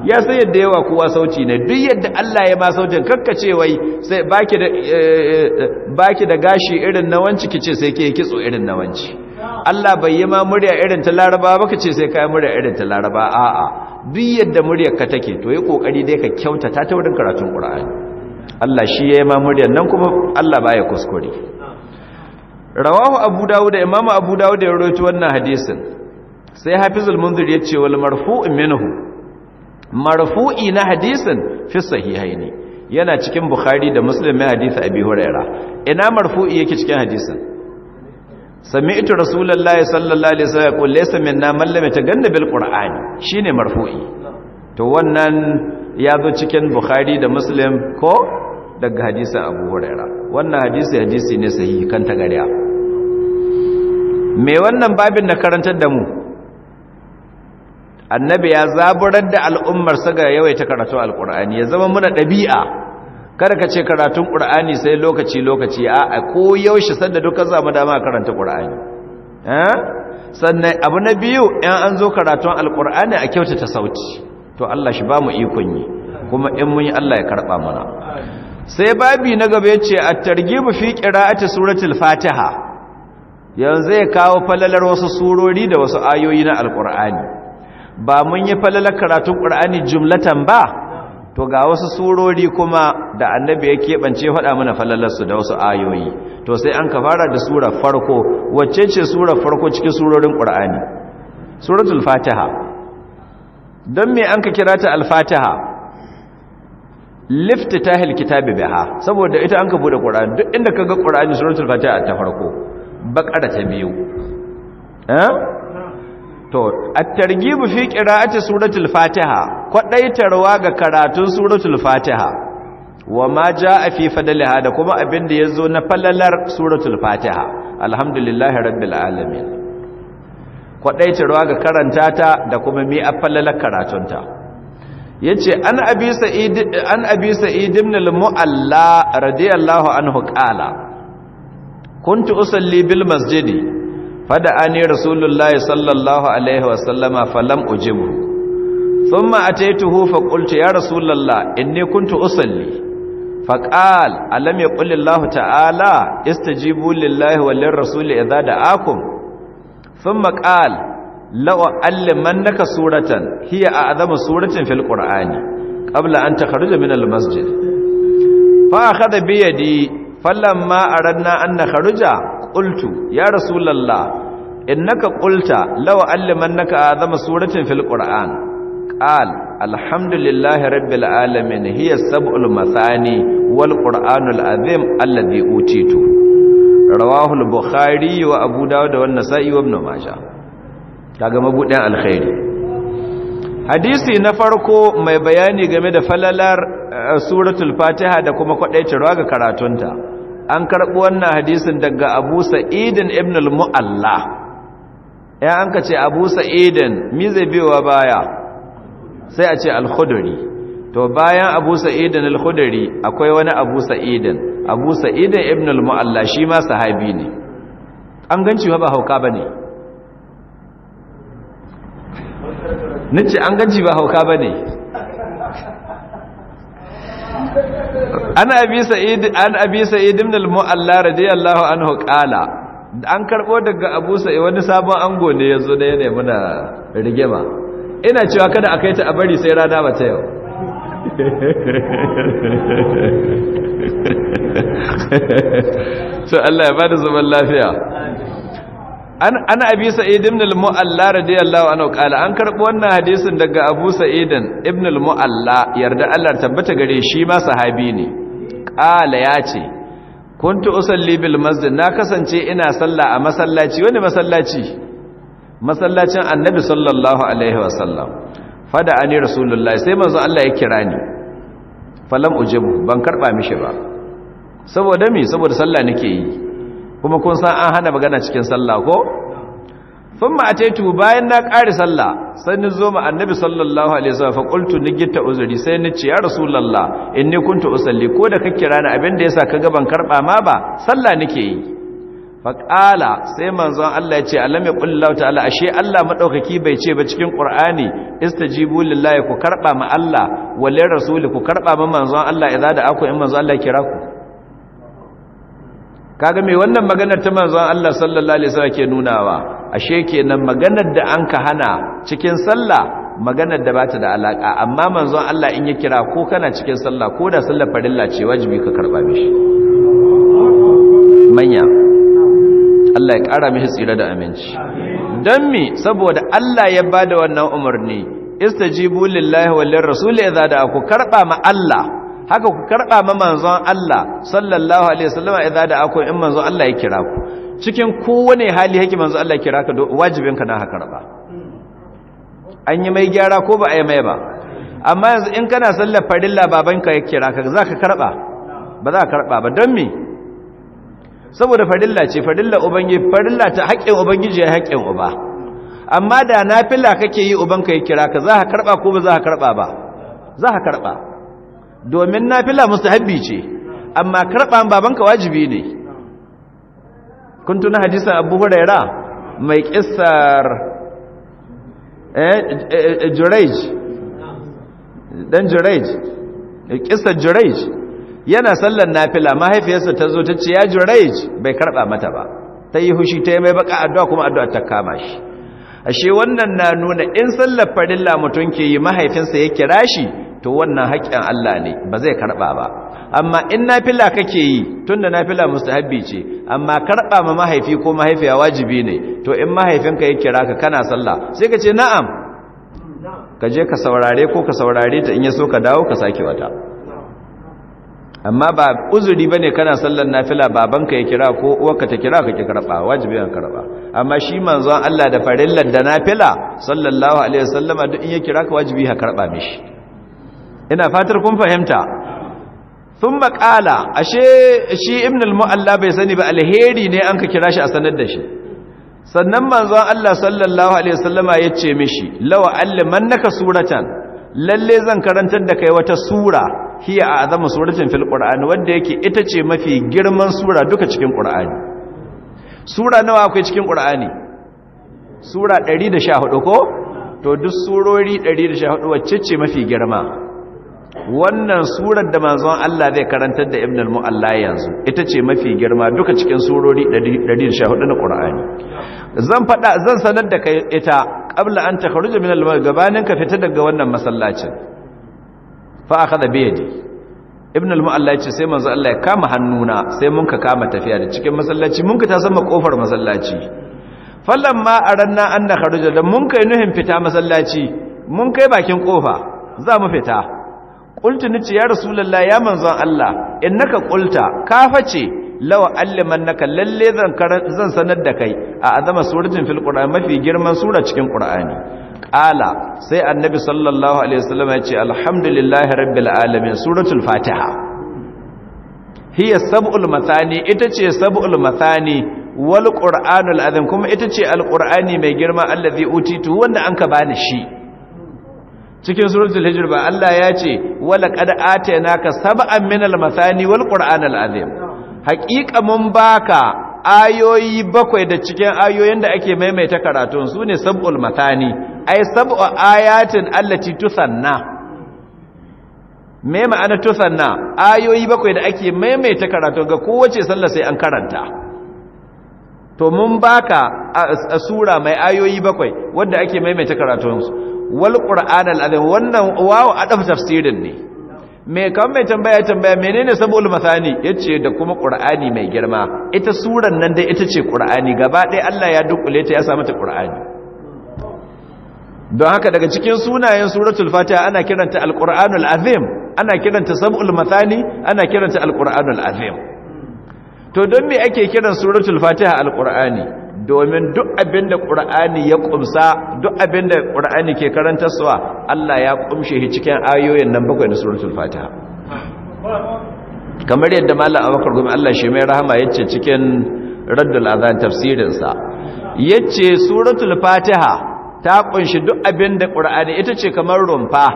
ya san yadda yawa kowa sauti ne duk yadda Allah ya ba sautin kakkace wai sai baki da eh, eh, eh, da gashi irin nawanci ki kice sai ke kitso irin nawanci. Allah bai yi ma murya irin ta laraba ba ka ce sai ka yi murya irin ta laraba a'a duk yadda muryar ka take to yi kokari dai ka kyauta ta taurin karatun qur'ani Allah shi ya yi ma muryar nan kuma Allah baya kuskure rawahu abu dawud da imamu abu dawud ya rawaito wannan hadisin sai hafizul munzir ya ce wal marfu'u minhu marfu'i na hadisin fi sahihaini yana cikin bukhari da muslim mai hadisi abi huraira ina marfu'i yake cikin hadisin sami'tu rasulullahi sallallahu alaihi wasallam yaqul laysa minna man lam yataganna bil qur'ani shine marfu'i to wannan ya zo cikin bukhari da muslim ko daga hadisi abu huraira wannan hadisi hadisi ne sahihi kan gariya me wannan babin na karantar da mu annabi ya zaburar da al'ummar saga yawaita karatu alqur'ani ya zama muna dabi'a kada ka ce karatun ƙur'ani sai lokaci lokaci a ko yaushe sanda duka zama dama karanta Kur'ani. Eh? sannan abu na biyu in an zo karatun alqur'ani a kyautata sauti to Allah shi ba mu ikon yi kuma in mun yi Allah ya karɓa mana sai babi na gaba ya ce a targi mu fi ta suratul fatiha yanzu ya kawo falalar wasu surori da wasu ayoyi na alqur'ani ba mun yi falalar karatun ƙur'ani jumlatan ba to ga wasu surori kuma da annabi ya keɓance faɗa mana falalarsu da wasu ayoyi to sai an ka fara da surar farko wacce ce surar farko cikin surorin ƙur'ani suratul fatiha don me an ka kira ta alfatiha lifta ta kitabi biha saboda ita an ka buɗe ƙur'ani duk inda ka ga ƙur'ani suratul fatiha ta farko baƙara ta biyu eh? to at-targhib fi qira'ati suratul fatiha kwadaitarwa ga karatun suratul fatiha wa ma jaa fi fadliha da kuma abin da zo na falalar suratul fatiha alhamdulillahi rabbil alamin kwadaitarwa ga karanta da kuma mi afalalar karatunta yace an abi sa'id an abi sa'id ibn al-mu'alla radiyallahu anhu qala kuntu usalli bil masjidi fada ani rasulullahi sallallahu alaihi wasallama falam ujibu thumma ataituhu fa qultu ya rasulullah inni kuntu usalli faqal alam yaqul Allah ta'ala Ista istajibu lillahi wal rasuli akun. Sun da'akum thumma qal law naka suratan hiya a a'zamu suratin fil qur'ani qabla an takhruja min Fa a fa biyadi. bi ma a ranna an na nakhruja qultu ya rasulullah innaka qulta law allamannaka azama suratin fil qur'an qal alhamdulillahi rabbil alamin hiya sab'ul masani wal qur'anul azim alladhi utitu rawahu al-bukhari wa abu dawud wa an-nasa'i wa ibn majah daga mabudin alkhairi hadisi na farko mai bayani game da falalar eh, suratul fatiha da kuma kwadaitarwa ga karatunta an karɓi wannan hadisin daga abu sa'idin ibn al-mu'alla ya an ka ce abu sa'idin mi zai biyowa baya sai a ce al-khuduri to bayan abu sa'idin al-khuduri akwai wani abu sa'idin abu sa'idin ibn al-mu'alla shi ma sahabi ne an ganci ba hauka ba ne nace an ganci ba hauka ba ne an abi sa'id an abi sa'id ibn al-mu'alla radiyallahu anhu qala an karbo daga abu sa'id wani sabon ango ne yazo da yana muna rigima ina cewa kada akai ta a bari sai rana ba ta yau so Allah ya bada zaman lafiya an abi sa'id ibn al-mu'alla radiyallahu anhu qala an karbo wannan hadisin daga abu sa'id ibn al-mu'alla yarda Allah tabbata gare shi ma sahabi ne Ala ya ce kuntu usalli bil masjid na kasance ina sallah a masallaci wani masallaci masallacin annabi sallallahu alaihi wasallam fada ani rasulullahi sai manzo Allah ya kira ni falam ujibu ban karba mishi ba saboda me saboda sallah nake yi kuma kun san an hana magana cikin sallah ko sun ma'ataitu bayan na ƙari sallah sai ni zo annabi sallallahu alaihi wasallam fa qultu ni gitta uzuri sai ni ce ya rasulullah inni kuntu usalli ko da ka kira ni abin abinda yasa ka gaban karba ma ba sallah nake yi fa sai manzon Allah ya ce alam yaqul lahu ta'ala ashe Allah madaukaki bai ce ba cikin qur'ani istajibu lillahi ku karba ma Allah wal rasul ku karba ma manzon Allah idza da aku in manzon Allah kira ku kaga me wannan maganar ta manzon Allah sallallahu alaihi wasallam ke nunawa ashe kenan maganar da an ka hana cikin sallah maganar da bata da alaka amma manzon Allah in ya kira ko kana cikin sallah ko da sallar farilla ce wajibi ka karba mishi manya Allah ya kara mishi tsira da aminci dan me saboda Allah ya bada wannan umarni istajibu lillahi wal rasul idza da ku karba ma Allah haka ku karba ma manzon Allah sallallahu alaihi wasallam idza da ku in manzon Allah ya kira ku cikin kowane hali haƙi manzo Allah kira ka wajibinka na haka raba an yi mai gyara ko ba a yi mai ba amma yanzu in kana sallar farilla babanka ya kira ka za ka karɓa ba za ka karɓa ba don me saboda farilla ce farilla Ubangi, farilla ta haƙƙin ubangiji ya haƙƙin uba amma da nafila kake yi ubanka ya kira ka za ka karɓa ko ba za ka karɓa ba za ka karɓa domin nafila habbi ce amma karɓan babanka wajibi ne kun tuna hadisin abu huraira mai kisar eh, eh, eh, jurej dan jurej kisar jurej yana sallar nafila mahaifiyarsa ta zo ta ce ya jiraij bai karba mata ba ta yi hushi ta yi mai baka addu'a kuma addu'a ta kama shi ashe wannan na nuna in sallar farilla mutum ke yi mahaifinsa ya kira shi to wannan haƙƙin Allah ne ba zai karɓa ba amma in nafila kake yi tunda nafila mustahabbi ce amma karba ma mahaifi ko mahaifiya wajibi ne to in mahaifinka ya kira ka kana sallah sai ka ce na'am ka je ka saurare ko ka saurare ta in ya so ka dawo ka sake wata amma ba uzuri bane kana sallan nafila babanka ya kira ko uwarka ta kira ka ki karba wajibi ka karba amma shi manzon Allah da farillan da nafila sallallahu alaihi wasallama duk in ya kira ka wajibi ha karba mishi ina fatar kun fahimta sun maƙala ashe shi ibn al-mu'alla bai sani ba alheri ne an ka kira shi a sanar da shi sannan manzon Allah sallallahu alaihi wasallama ya ce mishi lawa allamannaka suratan lalle zan karantar da kai wata sura hiya a azama suratin fil qur'an wanda yake ita ce mafi girman sura duka cikin qur'ani sura nawa akwai cikin qur'ani sura 114 ko to duk surori 114 wacce ce mafi girma wannan surar da manzon Allah zai karantar da ibn al-mu'alla yanzu ita ce mafi girma duka cikin surori 114 na Qur'ani zan fada zan sanar da kai ita qabla an takhruja min al-masjid gabanin ka fita daga wannan masallacin fa akhadha bi yadi ibn al-mu'alla ya ce sai manzon Allah ya kama hannuna sai mun ka kama tafiya da cikin masallaci mun ka ta sama kofar masallaci falamma aranna an nakhruja da mun kai nuhin fita masallaci mun kai bakin kofa za mu fita qultu nace ya rasulullah ya manzon Allah innaka ƙulta ka face law allimannaka lalle zan zan sanar da kai a azama suratin fil qur'an mafi girman sura cikin qur'ani qala sai annabi sallallahu alaihi wasallam ya ce alhamdulillahi rabbil alamin suratul fatiha hiya sab'ul mathani ita ce sab'ul mathani wal qur'anul azim kuma ita ce alqur'ani mai girma allazi utitu wanda anka bani shi cikin suratul hijr ba Allah ya ce wala qad atainaka sab'an minal mathani wal qur'anal azim haqiqa mun baka ayoyi bakwai da cikin ayoyin da ake maimaita karatu su ne sab'ul mathani ay sab'u ayatin allati tusanna me ma'ana tusanna ayoyi bakwai da ake maimaita karatu ga kowace sallah sai an karanta to mun baka a sura mai ayoyi bakwai wadda ake maimaita karatunsu wal qur'an al wannan wawu adab tafsirin ne me kan mai tambaya tambaya menene sabul masani yace da kuma qur'ani mai girma ita suran nan dai ita ce qur'ani gaba ɗaya Allah ya dukule ta ya sa mata qur'ani don haka daga cikin sunayen suratul fatiha ana kiranta alqur'anul azim ana kiranta sabul masani ana kiranta alqur'anul azim to don me ake kiran suratul fatiha alqur'ani domin duk abin da ƙur'ani ya ƙumsa duk abin da ƙur'ani ke suwa, Allah ya ƙumshe shi cikin ayoyin nan bakwai na suratul fatiha kamar yadda malam abakar gumi Allah shi mai rahama yace cikin raddul azan tafsirinsa yace suratul fatiha ta ƙunshi duk abin da ƙur'ani ita ce kamar rumfa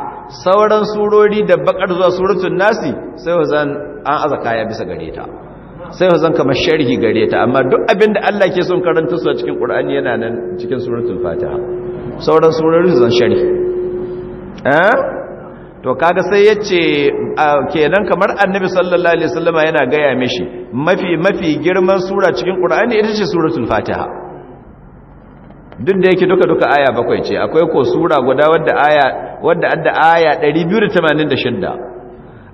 sauran surori da bakar zuwa suratul nasi sai wazan an azaka ya bisa gare ta sai zan kama sharhi gare ta amma duk abin da Allah ke son karanta su a cikin Qur'ani yana nan cikin suratul Fatiha sauran surori zan sharhi eh to kaga sai yace kenan kamar Annabi sallallahu alaihi wasallama yana gaya mishi mafi mafi girman sura cikin Qur'ani ita ce suratul Fatiha duk da yake duka duka aya bakwai ce akwai ko sura guda wadda aya wadda adda aya 286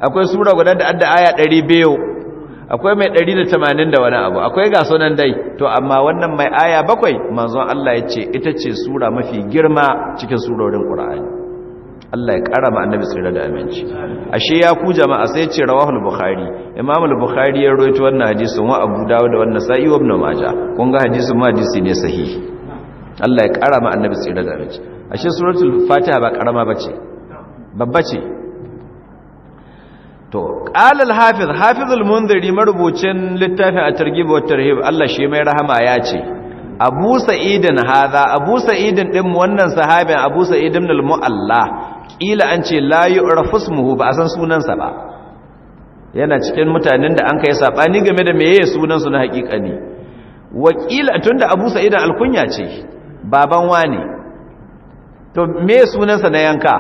akwai sura guda da adda aya 200 akwai mai 180 da wani abu akwai ga sunan dai to amma wannan mai aya bakwai manzon Allah ya ce ita ce sura mafi girma cikin surorin Qur'ani Allah ya karama annabi tsira da aminci ashe ya ku jama'a sai ce rawahul bukhari imam al-bukhari ya rawaito wannan hadisin wa abu dawud da wannan sa'i ibn majah kun ga hadisin ma hadisi ne sahihi Allah ya karama annabi tsira da aminci ashe suratul fatiha ba karama bace babba ce to qalal hafiz hafizul Mundari, marubucin littafin a targhib wa tarhib Allah shi mai rahama ya ce Abu Sa'idin hadha Abu Sa'idin din wannan sahabin Abu Sa'id ibn al-Mu'alla kila an ce la yu'rafu ismuhu ba san sunansa ba yana cikin mutanen da an kai sabani game da meye sunan su na hakikani kila tunda Abu Sa'id al-Kunya ce baban wani to me sunansa na yanka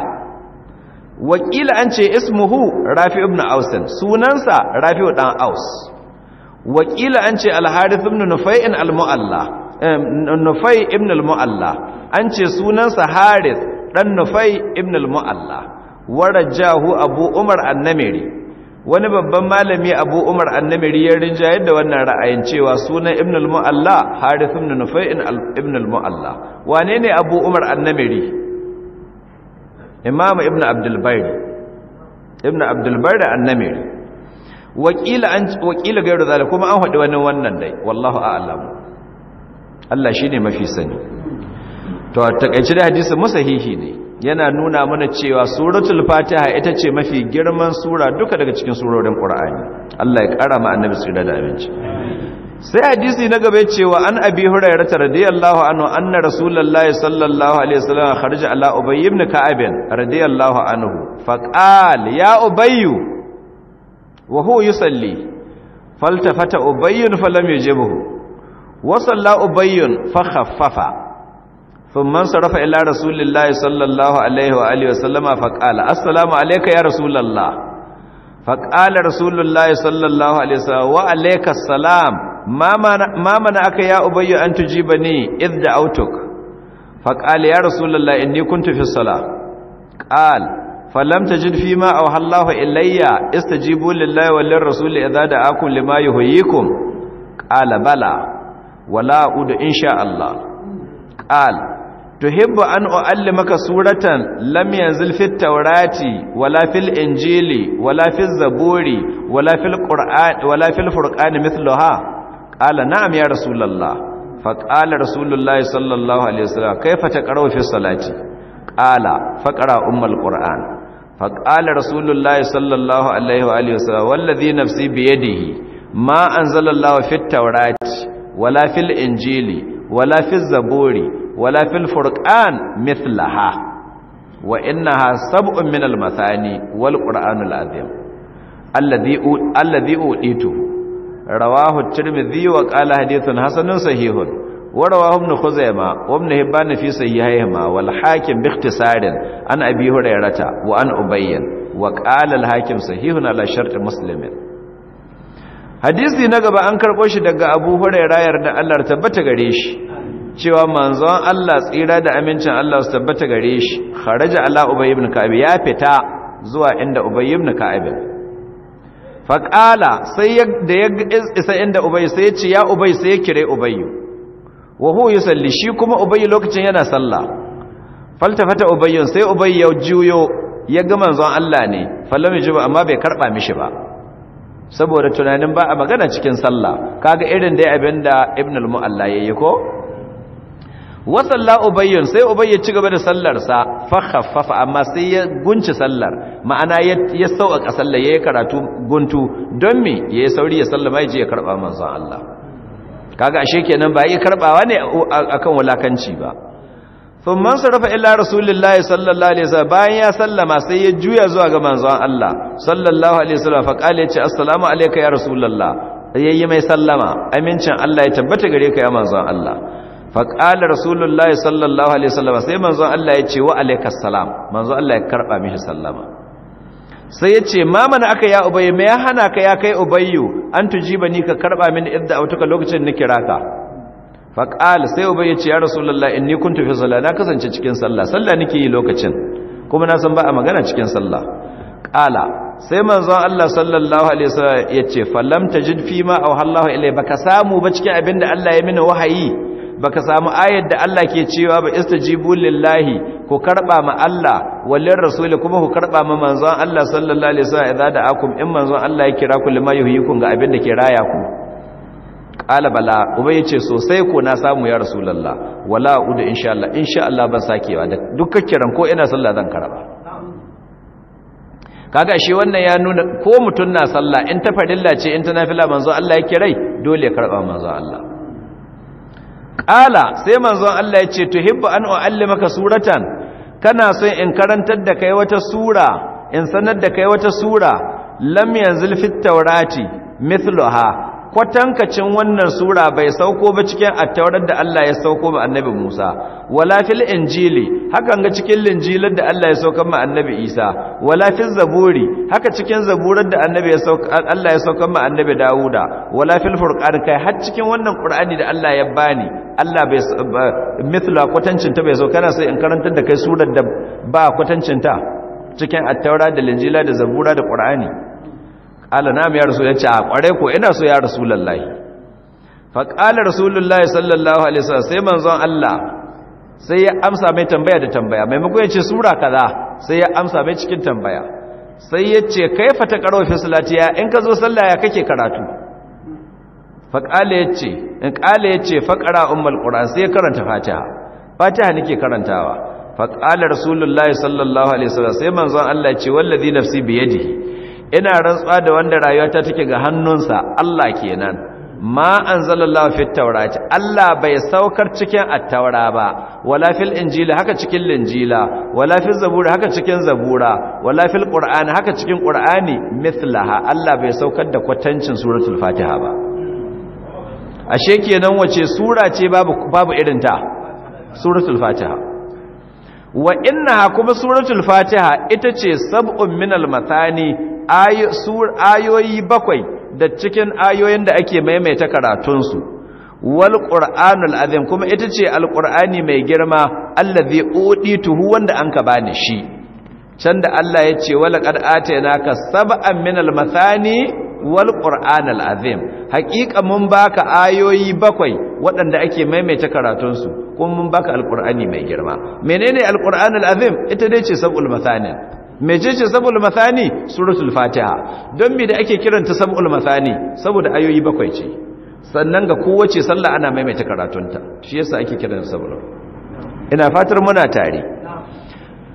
wakila an ce ismuhu rafi ibn ausin sunansa rafi dan aus wakila an ce alharith ibn nufai'in al nufai ibn al eh, an ce sunansa harith dan nufai ibn al warajahu abu umar annamiri wani babban malami abu umar annamiri ya rinjayar da wannan ra'ayin cewa sunan ibn al-mu'alla harith ibn nufai'in ibn al wane ne abu umar annamiri imamu ibn abdulbari ibn abdulbari da annamiri wakila gairu zalika kuma an haɗi wani wannan dai wallahu Allah shi ne mafi sani to takaici da hadisi musahihi ne yana nuna mana cewa suratul fatiha ita ce mafi girman sura duka daga cikin surorin Ƙur'ani. Allah ya kara ma annabi tsira da aminci sai hadisi na gaba cewa an abi hurairata radiyallahu anhu anna rasulullahi sallallahu alaihi wasallam kharaja ala ubay ibn ka'ab radiyallahu anhu faqal ya ubay wa huwa yusalli faltafata ubay falam yujibhu wa ubay fa khaffafa ثم انصرف ila رسول sallallahu alaihi wa عليه واله وسلم فقال السلام ya يا رسول الله فقال رسول الله صلى الله ma mana aka ya ubayyu an tujiba ni idh da'autuk faqal ya rasulullah inni kuntu fi salah qal falam tajid fi ma aw hallahu ilayya istajibu lillahi wal rasul idha da'akum lima yuhyikum qala bala wala Udu, insha Allah qal tuhibbu an uallimaka suratan lam yanzil fit tawrati wala fil injili wala fil zaburi wala fil qur'an wala fil furqan mithlaha qala na'am ya rasulullah fa qala rasulullah sallallahu alaihi wasallam kaifa taqra'u fi salati qala faqra ummul qur'an fa qala rasulullah sallallahu alaihi wa alihi wasallam wallazi nafsi bi yadihi ma anzalallahu fit tawrati wala fil injili wala fil zaburi wala fil furqan mithlaha wa innaha sab'un min masani mathani wal qur'anul azim rawahu tirmidhi wa qala hadithun hasanun sahihun wa rawahu ibn khuzaimah wa ibn hibban fi sahihayhima wal hakim bi ikhtisarin an abi hurairata wa an ubayyin wa qala al hakim sahihun ala shart muslimin hadisi na gaba an karbo shi daga abu hurairah yarda Allah tabbata gare shi cewa manzon Allah tsira da amincin Allah su tabbata gare shi kharaja ala ubay ibn ka'ab ya fita zuwa inda ubay ibn ka'ab faƙala sai da ya isa inda ubayi sai ya ce ya ubayi sai ya kire ubayi wa hu yi salli shi kuma ubayi lokacin yana sallah faltafata ubayu sai ubayi ya juyo ya ga manzon Allah ne falla mai juba amma bai karɓa mishi ba saboda tunanin ba a magana cikin sallah kaga irin dai abin da ibn al-mu'alla ya yi ko wasalla ubayyun sai ubay ya ci gaba da sallarsa fa khaffafa amma sai ya gunci sallar ma'ana ya sauƙa sallar yi karatu guntu don me yi sauri ya sallama ya ji ya karba manzon Allah kaga ashe kenan ba yi karbawa ne akan wulakanci ba man sarrafa illa rasulullahi sallallahu alaihi wasallam bayan ya sallama sai ya juya zuwa ga manzon Allah sallallahu alaihi wasallam fa kale ya ce assalamu alayka ya rasulullah yayi mai sallama amincin Allah ya tabbata gare ka ya manzon Allah faƙalar rasulullahi sallallahu alaihi wasallama sai manzon Allah ya ce wa alaikas salam manzon Allah ya karɓa mishi sallama sai ya ce mamana aka ya ubayu me ya hana ka ya kai ubayu an tujiba ni ka karɓa mini idda autuka lokacin na kira ka faƙal sai ubayyu ce ya rasu in ni kun fi sallah na kasance cikin sallah sallah nake yi lokacin kuma na san ba a magana cikin sallah ƙala sai manzon Allah sallallahu alaihi wasallam ce falam tajid fi ma aw Allahu ilay baka samu ba cikin abinda Allah ya mini wahayi baka samu ayar da Allah ke cewa ba istajibu lillahi ku karba ma Allah walin rasuli kuma ku karba ma manzon Allah sallallahu alaihi wasallam idza da'akum in manzon Allah ya kira ku lima yuhyikum ga abin da ke raya ku qala bala ubay yace sosai ko na samu ya rasulullah wala udu insha Allah insha Allah ban sakewa da dukkan kiran ko ina sallah zan karba kaga shi wannan ya nuna ko mutum na sallah in ta fadilla ce in ta nafila manzo Allah yake rai dole ya karba manzo Allah ƙala sai manzon Allah ya ce tuhibbu an maka suratan kana son in karantar da kai wata sura in sanar da kai wata sura lam yanzil fit tawrati mithluha kwatankacin wannan sura bai sauko ba cikin attaurar da Allah ya sauko ma annabi Musa wala fil injili hakan ga cikin linjilar da Allah ya sauka ma annabi Isa wala fil zaburi haka cikin zaburar da annabi ya sauka Allah ya sauka ma annabi Dawuda wala fil furqan kai har cikin wannan Qur'ani da Allah ya bani Allah bai mithla kwatancin ta bai sauka na sai in karantar da kai surar da ba kwatancin ta cikin attaurar da linjila da zabura da Qur'ani ƙala na ya rasu ya ce a ƙware ko ina so ya rasu lallai Faƙala rasulullahi sallallahu alaihi wasallam sai manzon Allah sai ya amsa mai tambaya da tambaya maimakon ya ce sura kaza sai ya amsa mai cikin tambaya sai ya ce kaifa ta karo fi salatiya in ka zo sallah ya kake karatu faƙala ya ce in ƙala ya ce faƙara ummul qur'an sai ya karanta fatiha fatiha nake karantawa Faƙala rasulullahi sallallahu alaihi wasallam sai manzon Allah ya ce wallazi nafsi biyadihi ina rantsuwa da wanda rayuwata take ga hannunsa Allah kenan ma anzalallahu fit tawrati Allah bai saukar cikin attaura ba wala fil injili haka cikin linjila wala fil zabura haka cikin zabura wala fil qur'ani haka cikin qur'ani mithlaha Allah bai saukar da kwatancin suratul fatiha ba ashe kenan wace sura ce babu babu irinta suratul fatiha wa inna kuma suratul fatiha ita ce sab'un minal mathani ayoyi bakwai da cikin ayoyin da ake maimaita karatunsu wal qur'anul azim kuma ita ce alqur'ani mai girma allazi udituhu wanda an ka bani shi can da Allah ya ce wala qad ka sab'an minal mathani wal qur'anul azim haqiqa mun baka ayoyi bakwai waɗanda ake maimaita karatunsu kuma mun baka alqur'ani mai girma menene alqur'anul azim ita dai ce sab'ul mathani mecece sabul mathani suratul fatiha don me da ake kiranta sabul mathani saboda ayoyi bakwai ce sannan ga kowace sallah ana maimaita karatunta shi yasa ake kiran sabul ina fatar muna tare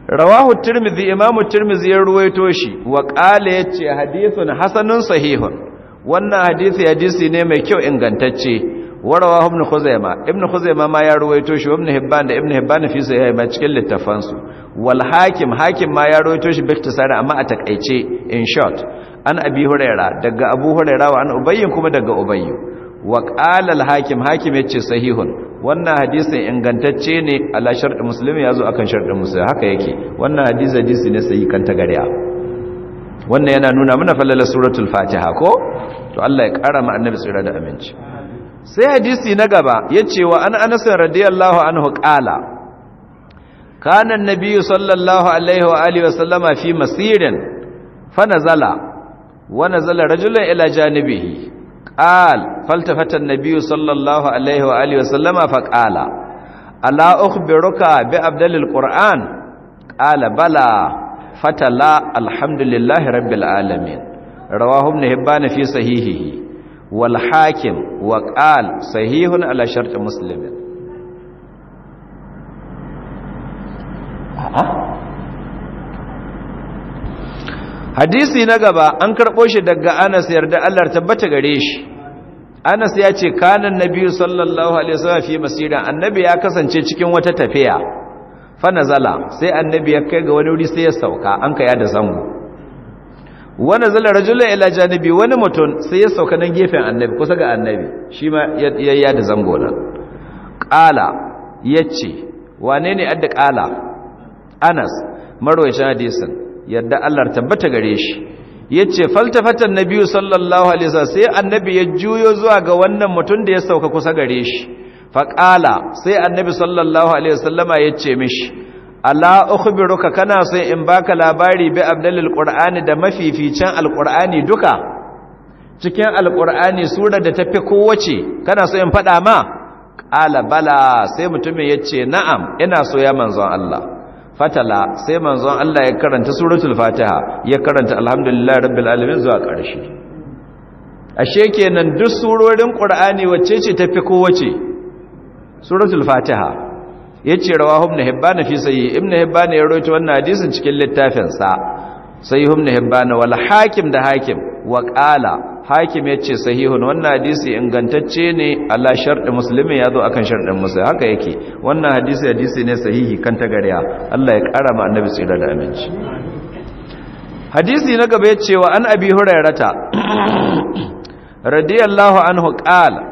rawahu tirmidhi imamu tirmidhi ya ruwaito shi wa qala yace hadithun hasanun sahihun wannan hadisi hadisi ne mai kyau ingantacce warawa ibn khuzaima ibn khuzaima ma ya ruwaito shi ibn hibban da ibn hibban fi yayi ma cikin littafan su wal hakim hakim ma ya ruwaito shi bi ikhtisari amma a takaice in short an abi huraira daga abu huraira wa an ubayyin kuma daga ubayyu. wa qala al hakim hakim yace sahihun wannan hadisin ingantacce ne ala shartu muslim yazo akan shartu muslim haka yake wannan hadisi hadisi ne sahihi kan ta gariya wannan yana nuna mana falalar suratul fatiha ko to Allah ya kara ma annabi tsira da aminci sai hadisi na gaba ya ce wa an anasin radiyallahu anhu ƙala kanan nabiyu sallallahu alaihi wa alihi wasallama fi masirin fa zala, wa zala rajulun ila janibihi Ƙal faltafata an-nabiyyu sallallahu alaihi wa alihi wasallama fa qala ala ukhbiruka bi abdalil qur'an Ƙala bala fatala alhamdulillahi rabbil alamin rawahu ibn hibban fi sahihihi wal hakim sahihun ala hadisi na gaba an karɓo shi daga anas yarda Allah tabbata gare shi anas ya ce kanan nabi sallallahu alaihi wasallam fi masira annabi ya kasance cikin wata tafiya fa nazala sai annabi ya kai ga wani wuri sai ya sauka an kai da zango wani zala rajulun ila janibi wani mutum sai ya sauka nan gefen annabi kusa ga annabi shi ma ya yi da zango nan ƙala ya ce wane ne adda ƙala anas marwacin hadisun yadda allah tabbata gare shi ya ce faltafatan na biyu sallallahu alaihi wasallam sai annabi ya juyo zuwa ga wannan mutum da ya sauka kusa gare shi faƙala sai annabi sallallahu alaihi wasallama ya ce mishi ala ukhbiruka kana so in baka labari bi abdalil qur'ani da mafificin alqur'ani duka cikin alqur'ani sura da tafi kowace kana so in fada ma qala bala sai mutumin yace na'am ina so ya manzon Allah fatala sai manzon Allah ya karanta suratul fatiha ya karanta alhamdulillahi rabbil alamin zuwa ƙarshe ashe kenan duk surorin qur'ani wacce ce tafi kowace suratul fatiha Ya ce yace na Hibba na fi Imna Hibba na ya rawaito wannan hadisin cikin littafin sa na Hibba na wala hakim da hakim wa qala hakim yace sahihun wannan hadisi ingantacce ne ala ya zo a kan sharɗin musulmi haka yake wannan hadisi hadisi ne sahihi kan tagariya Allah ya kara ma annabi tsira da aminci hadisi na gaba ya ce wa an abi hurairata radiyallahu anhu ƙala.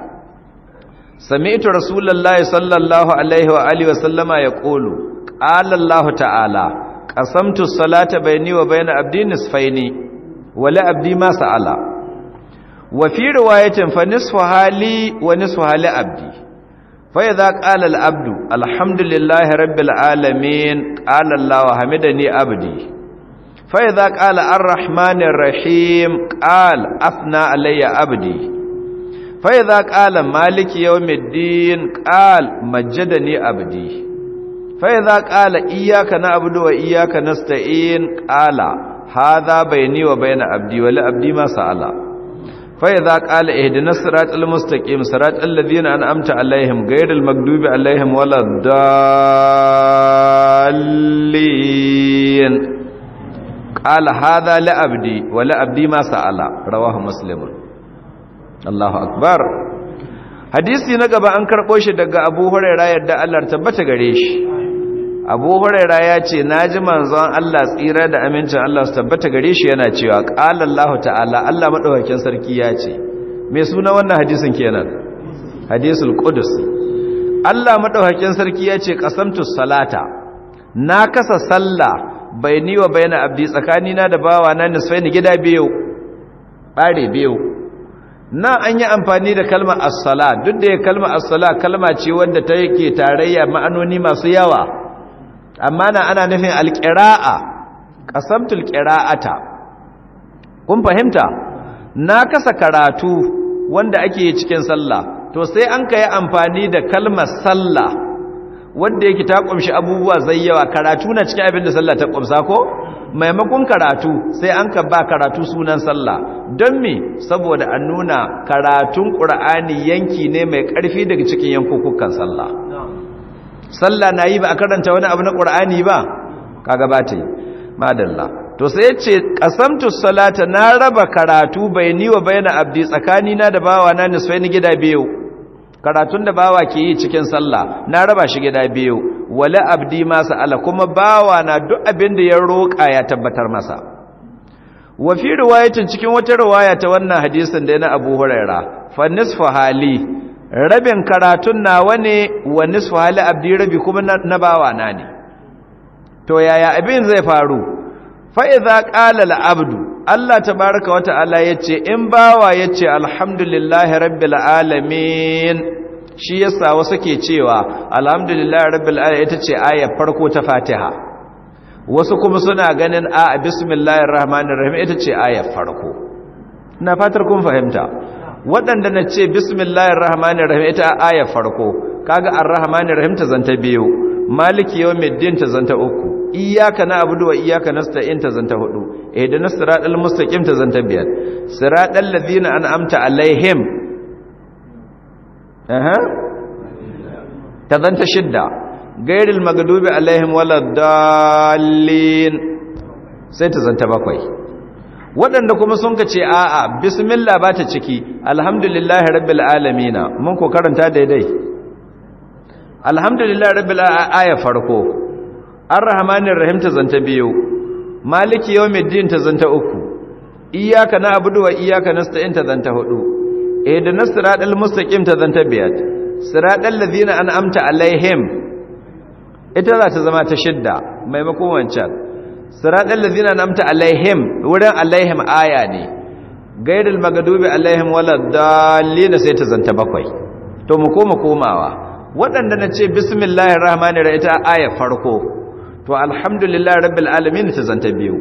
سمعت رسول الله صلى الله عليه وآله وسلم يقول قال الله تعالى قسمت الصلاة بيني وبين عبدي نصفين ولا عبدي ما سأل وفي رواية فنصفها لي ونصفها لعبدي فإذا قال العبد الحمد لله رب العالمين قال الله حمدني عبدي فإذا قال الرحمن الرحيم قال أثنى علي عبدي fa idza qala maliki yawmiddin qal majjadani abdi fa idza qala iyyaka na'budu wa iyyaka nasta'in qala hadha bayni wa bayna abdi wa la abdi ma sa'ala fa idza qala ihdinas siratal mustaqim siratal ladzina an'amta alaihim ghayril maghdubi alaihim waladdallin qala hadha la abdi rawahu muslimun Allahu akbar hadisi na gaba an karɓo shi daga abu huraira yadda Allah tabbata gare shi abu huraira ya ce na ji manzon Allah tsira da amincin Allah su tabbata gare shi yana cewa qala Allahu ta'ala Allah madaukakin sarki ya ce Me suna wannan hadisin kenan hadisul qudus Allah madaukakin sarki ya ce qasamtu salata na kasa sallah baini wa baina abdi tsakanina da bawa na nisfaini gida biyu bare biyu na an yi amfani da kalmar as-sala duk da kalmar as-sala kalma ce wanda ta yake tarayya ma'anoni masu yawa amma na ana nufin al-qira'a qasamtul kun fahimta na kasa karatu wanda ake cikin sallah to sai an kai amfani da kalmar sallah wanda yake ta kumshi abubuwa zai yawa karatu na cikin abin da sallah ta kumsa ko maimakon karatu sai an ka ba karatu sunan sallah don me saboda an nuna karatun ƙura'ani yanki ne mai ƙarfi daga cikin yankukukan sallah sallah na yi ba a karanta wani abu na ƙura'ani ba Ka gabata yi madalla to sai ya ce ƙasamtus salata na raba karatu bai ni wa bayyana abdi tsakanina da bawa na nisfai ni gida biyu karatun da bawa ke yi cikin sallah na raba shi gida biyu wala abdi masa ala kuma bawa na duk abin da ya roƙa ya tabbatar masa wa fi riwayatin cikin wata riwaya ta wannan hadisin da yana Abu Huraira fa nisfu hali rabin karatun nawa ne wa nisfu hali abdi rabi kuma na bawa na ne to yaya abin zai faru fa idza qala al abdu Allah tabaaraka wa ta'ala yace in bawa yace alhamdulillahi rabbil alamin shi yasa wasu ke cewa alhamdulillah rabbil alamin ita ce ayar farko ta fatiha wasu kuma suna ganin a bismillahir rahmanir rahim ita ce ayar farko ina fatar kun fahimta waɗanda na ce bismillahir rahmanir rahim ita ayar farko kaga ar-rahmanir rahim ta zanta biyu maliki yawmiddin ta zanta uku iyyaka na'budu wa iyyaka nasta'in ta zanta hudu ihdinas siratal mustaqim ta zanta biyar siratal ladina an'amta alaihim ta zanta shidda gairil magadubi alaihim waladdallin sai ta zanta bakwai waɗanda kuma sun ka ce a'a bismillah ba ta ciki alhamdulillah rabbil alamina mun ko karanta daidai alhamdulillah rabbil aya farko arrahmanir rahim ta zanta biyu maliki yawmiddin ta zanta uku iyyaka na'budu wa iyyaka nasta'in ta zanta hudu mustaqim ta المستقيم تذنتبيات صراط الذين an'amta alaihim ita za ta zama ta shidda maimakon wancan siratal ladina an'amta alaihim wurin alaihim aya ne gairul magadubi alaihim waladdallin sai ta zanta bakwai to mu koma komawa waɗanda na ce bismillahir rahmanir rahim ita aya farko to alhamdulillahi rabbil alamin ta zanta biyu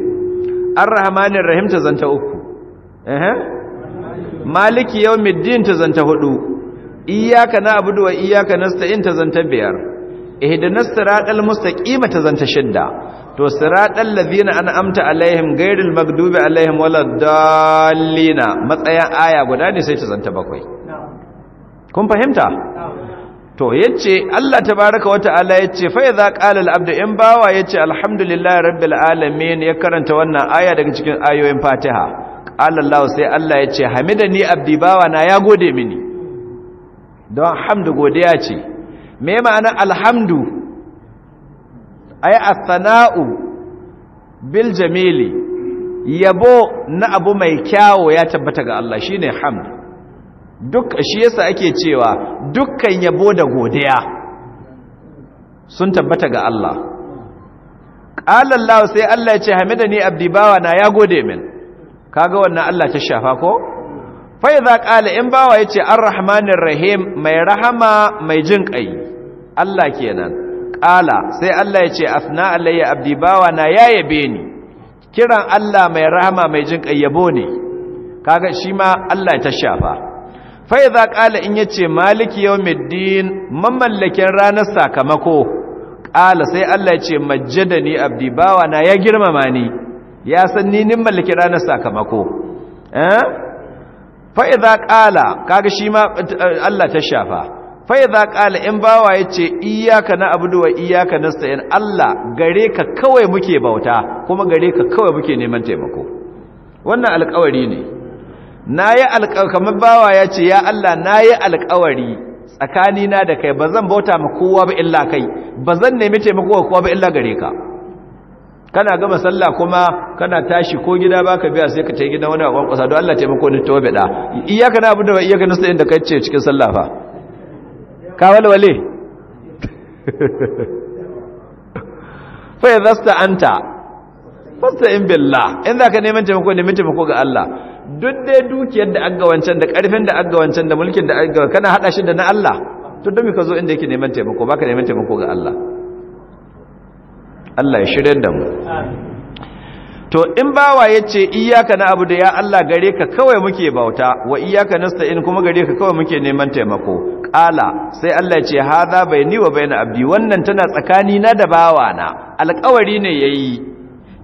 arrahmanir rahim ta zanta uku eh maliki yau middin ta zanta hudu iyyaka na'budu wa iyyaka nasta'in ta zanta biyar ihdinas siratal mustaqima ta zanta shidda to siratal ladina an'amta alaihim gairin maghdubi alaihim waladdallina matsayin aya guda ne sai ta zanta bakwai kun fahimta to yace Allah tabaaraka wata'ala yace fa idza qala al-abdu in bawa yace alhamdulillahi rabbil alamin ya karanta wannan aya daga cikin ayoyin Fatiha alallahu sai Allah ya ce hamidani abdi bawa na ya gode mini don hamdu godiya ce me ma'anar alhamdu ai athana'u bil jamili yabo na abu mai kyawo ya tabbata ga Allah shine hamd duk shi yasa ake cewa dukkan yabo da godiya sun tabbata ga Allah qala Allah sai Allah ya ce hamidani abdi bawa na ya gode mini kaga wannan Allah ta shafa ko fa idza qala in bawa yace arrahmanir rahim mai rahama mai jin kai Allah kenan qala sai Allah yace afna alayya abdi bawa na yayabe ni kiran Allah mai rahama mai jin kai yabo ne kaga shi ma Allah ta shafa idza ƙala in yace maliki yau mamallakin ranar sakamako ƙala sai Allah yace majjadani abdi bawa na ya girmama ni ya san ni mallaki ranar sakamako eh fa idza qala kaga shi ma eh, Allah ta shafa fa idza qala in bawa yace iyyaka na'budu wa iyyaka nasta'in Allah gare ka kawai muke bauta kuma gare ka kawai muke neman taimako wannan alƙawari ne nayi alƙawari kamar bawa yace ya Allah nayi alƙawari tsakanina da kai ba zan bauta ma kowa ba illa kai ba zan nemi taimako ga kowa ba illa gare ka kana gama sallah kuma kana tashi ko gida baka biya sai ka tai gidan wani akwai kwasa don Allah taimako ni tobe da iyaka na abinda iyaka na inda ka ce cikin sallah fa ka walwale fa idza anta in billah in ka neman taimako neman taimako ga Allah duk da dukiyar da aga wancan da karfin da aga wancan da mulkin da aga kana hada shi da na Allah to don me ka zo inda yake neman taimako baka neman taimako ga Allah Allah ya shirya da mu to in bawa ya ce iyaka na abu da ya Allah gare ka kawai muke bauta wa iyaka nasta'in kuma gare ka kawai muke neman taimako ƙala sai Allah ya ce haza bayni wa bayna abdi wannan tana tsakani na da bawa na alƙawari ne yayi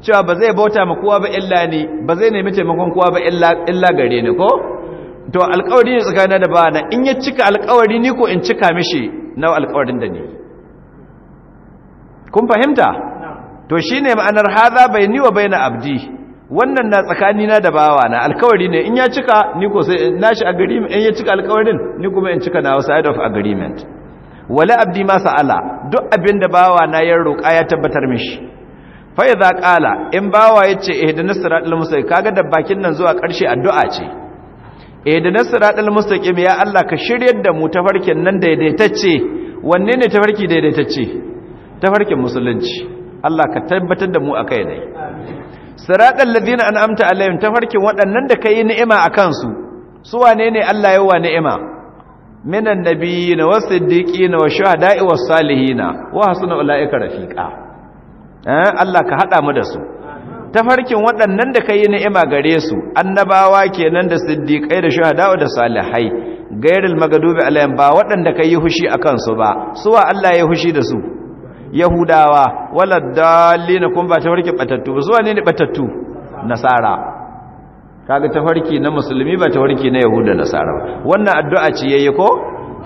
cewa ba zai bauta ma kowa ba illa ni ba zai nemi taimakon kowa ba illa illa gare ni ko to alƙawari ne tsakanin da bawa na in ya cika alƙawari ni ko in cika mishi na alƙawarin da ni kun fahimta to shi ne ma'anar haza bai niwa wa na abdi wannan na tsakanina da bawa na. alkawari ne in ya cika ni ko sai shi agreement in ya cika alkawarin ni kuma in cika na side of agreement wala abdi ma sa'ala duk abin da bawa na ya roƙa ya tabbatar mishi fa idza qala in bawa yace ihdinas siratal mustaqim kaga da bakin nan zuwa ƙarshe addu'a ce ihdinas siratal mustaqim ya Allah ka shiryar da mu farkin nan daidaitacce wanne ne tafarki daidaitacce tafarkin musulunci Allah ka tabbatar da mu a kai dai siratal ladina an'amta alaihim tafarkin waɗannan da kai ni'ima akan su su wane ne Allah ya wa ni'ima minan nabiyyin wasiddiqin wa shuhada'i was salihin wa hasuna ulaika rafiqa eh Allah ka hada mu da su tafarkin waɗannan da kai ni'ima gare su annabawa kenan da siddiqai da shuhada'u da salihai gairul magadubi alaihim ba waɗanda kai yi hushi akan su ba suwa Allah ya hushi da su yahudawa wala dalina kun ba tafarki batattu zuwa ne ne batattu nasara kaga tafarki na musulmi ba tafarki na yahuda nasara wannan addu'a ce yayi ko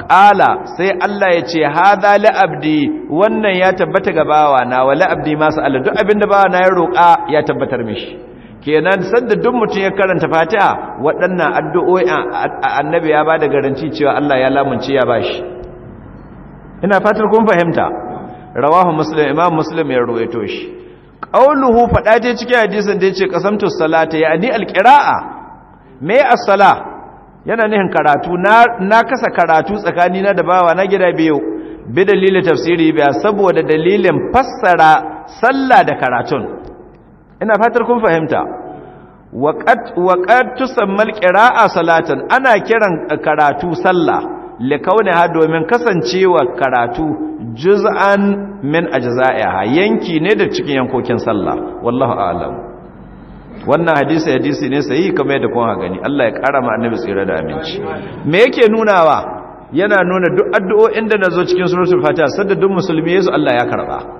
qala sai Allah ya ce hadha li abdi wannan ya tabbata ga bawa na wala abdi ma allah, duk abinda bawa na ya roƙa ya tabbatar mishi kenan sanda duk mutum ya karanta fatiha waɗannan addu'o'i annabi ya ba da garanci cewa Allah ya lamunci ya bashi ina fatar kun fahimta rawahu muslim imam muslim ya ruwaito shi qauluhu fada ce cikin hadisin da yace qasamtu salata yani alqira'a me as-sala yana nihin karatu na na kasa karatu tsakani na da bawa na gida biyu bi dalilin tafsiri biya saboda dalilin fassara sallah da karatun ina fatar kun fahimta waqat waqat tusammal qira'a salatan ana kiran karatu sallah Le kaune ha domin kasancewa karatu juz'an min ajza'iha yanki ne da cikin yankokin sallah wallahu a'lam wannan hadisi hadisi ne sahihi kamar da kun gani Allah ya kara ma annabi tsira da aminci me yake nunawa yana nuna duk addu'o'in da nazo cikin suratul fatiha sadda duk musulmi yasu Allah ya karba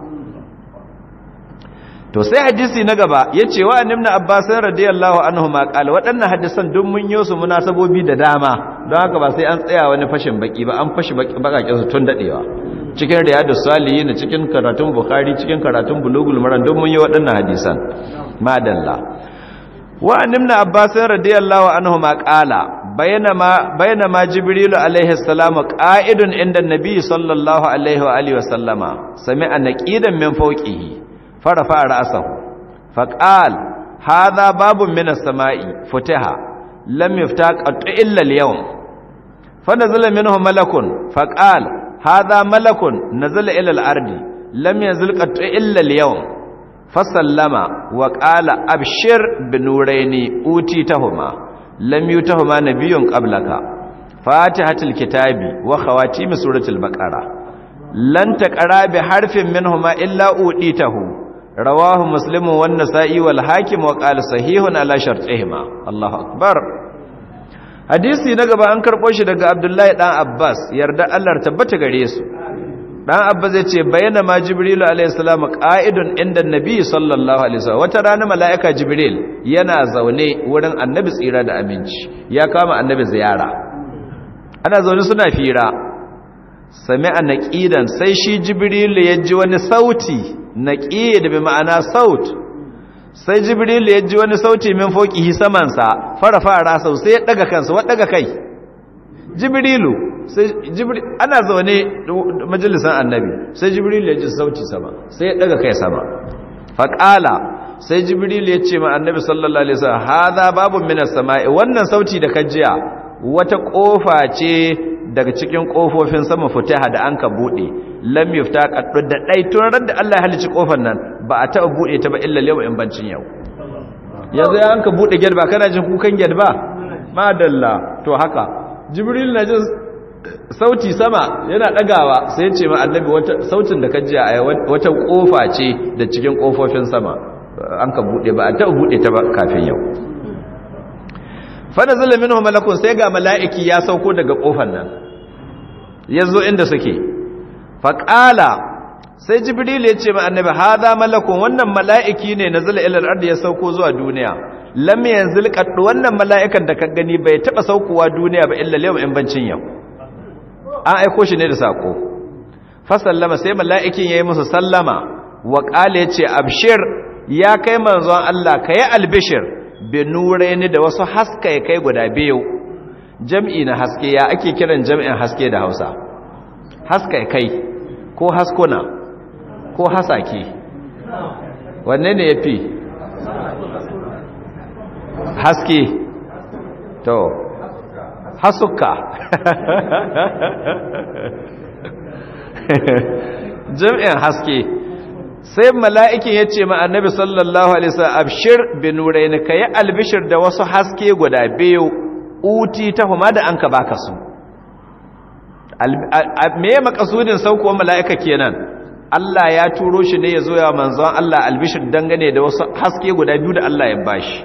to sai hadisi na gaba ya ce wa na abbas radiyallahu anhu maƙal waɗannan hadisan don mun yi su muna sabobi da dama don haka ba sai an tsaya wani fashin baki ba an fashi baka su tun daɗewa cikin riyadu salihi na cikin karatun bukhari cikin karatun bulugul maran don mun yi waɗannan hadisan madalla wa na abbas radiyallahu anhu maƙala ma jibril alaihi salamu ƙa'idun inda nabi sallallahu alaihi wa alihi wa sami sami'a naqidan min fawqihi farafa ra'sahu faqal hadha babun min as-sama'i futiha lam yuftaq qattu illa al-yawm fanazala minhu malakun faqal hadha malakun nazala ila al-ardi lam yanzil qattu illa al-yawm fasallama wa qala abshir binuraini utitahuma lam yutahuma nabiyyun qablaka fatihatul kitabi wa khawatim suratul baqara lan taqara bi harfin minhuma illa uditahu rawahu muslimun wannan sa'i wal hakim wa qala sahihun ala shartihima Allahu akbar hadisi na gaba an karbo shi daga Abdullahi dan Abbas yarda Allah tabbata gare su dan Abbas yace bayyana ma Jibril alayhi salam qa'idun inda Nabi sallallahu alaihi wasallam wata rana mala'ika Jibril yana zaune wurin Annabi tsira da aminci ya kama Annabi ziyara ana zaune suna fira sami'a naƙidan sai shi Jibril ya ji wani sauti Na da bi ma'ana saut sai jibril ya ji wani sauti min saman samansa fara fara sau sai ya daga kansa wa daga kai jibrilu sai jibril ana zaune majalisan annabi sai jibril ya ji sauti sama sai ya daga kai sama faqala sai jibril ya ce ma annabi sallallahu alaihi wasallam hadha babun minas sama'i wannan sauti da kajiya wata kofa ce daga cikin kofofin sama fitaha da anka bude lam yufta qaddu da dai turar da Allah ya halici kofar nan ba a taba bude ta ba illa yau in bancin yau yanzu ya anka bude gidan ba kana jin kukan gidan ba madalla to haka jibril na jin sauti sama yana dagawa sai ya ce ma annabi wata sautin da ka ji a wata kofa ce da cikin kofofin sama an ka bude ba a taba bude ta ba kafin yau fana zala wa malakun sai ga mala'iki ya sauko daga kofar nan ya zo inda suke faƙala sai jibril ya ce ma annabi hadha malakun wannan mala'iki ne nazala ilal arda ya sauko zuwa duniya lam yanzil qad wannan mala'ikan da ka gani bai taɓa saukowa duniya ba illa yau in bancin yau an aiko shi ne da sako fa sallama sai mala'ikin ya yi musu sallama wa qala ce, abshir ya kai manzon Allah ka kayi albishir bi ni da wasu haska kai guda biyu jam'i na haske ya ake kiran jam'in haske da Hausa haska kai ko haskuna ko hasaki wanne ne yafi haske to hasuka jam'in haske sai mala'ikin ya ce ma sallallahu alaihi wasu abshir bi ka yi albishir da wasu haske guda biyu uti ta huma da an ba baka su me makasudin saukowa mala'ika kenan Allah ya turo shi ne ya zo ya manzon Allah albishir dangane da wasu haske guda biyu da Allah ya bashi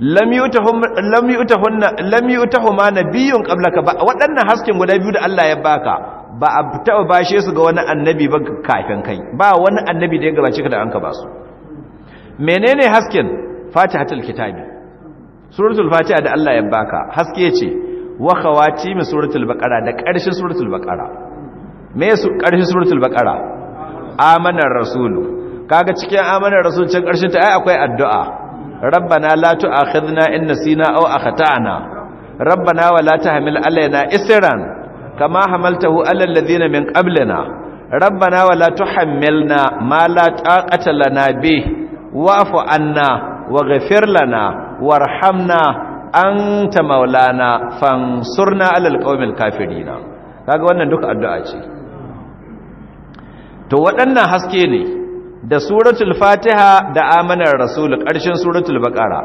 lam yutahunna lam biyun nabiyyun ba waɗannan hasken guda biyu da Allah ya baka ba a taɓa bashe su ga wani annabi ba kafin kai ba wani annabi da ya gabace ka da an ka ba su menene hasken fatihatul kitabi suratul fatiha da Allah ya baka haske ce wa khawati min suratul baqara da ƙarshen suratul baqara me su ƙarshen suratul baqara amanar rasulu kaga cikin amanar rasul cikin ƙarshen ta ai akwai addu'a rabbana la tu'akhidhna in nasina aw akhtana rabbana wa la tahmil alaina isran kama hamaltahu alal na, min qablina rabbana wala tuhammilna ma la taqata lana bi wa'fu anna waghfir lana warhamna anta maulana fansurna alal qaumil kafirin kaga wannan duka addu'a ce to waɗannan haske ne da suratul fatiha da amanar rasul ƙarshen suratul baqara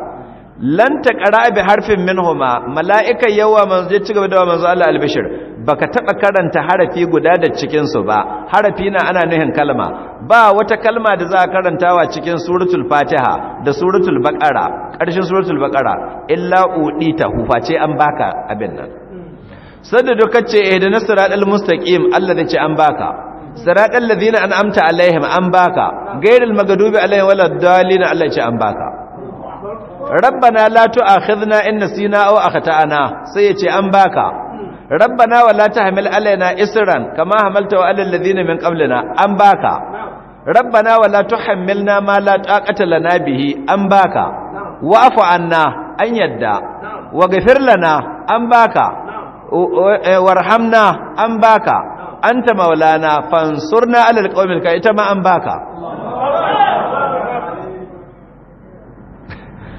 lan taqra bi harfin minhuma malaika yawa manzo ya cigaba da manzo Allah albishir baka taba karanta harafi guda da cikin su ba harafi na ana nuhin kalma ba wata kalma da za a karantawa cikin suratul fatiha da suratul baqara ƙarshen suratul baqara illa udita huface an baka abin nan sadda duka ce da siratal mustaqim Allah ne ce an baka siratal ladina an'amta alaihim an baka ghairil magdubi alaihim waladdallin Allah ce an baka rabbana la tu'akhidhna in nasina aw akhtana sai ya ce an baka rabbana wala tahmil alaina isran kama hamaltahu ala alladhina min qablina an baka rabbana wala tuhammilna ma la taqata lana bihi an baka wa'fu anna an yadda waghfir lana an baka e, warhamna an baka anta maulana fansurna ala alqawmil ka ita ma an baka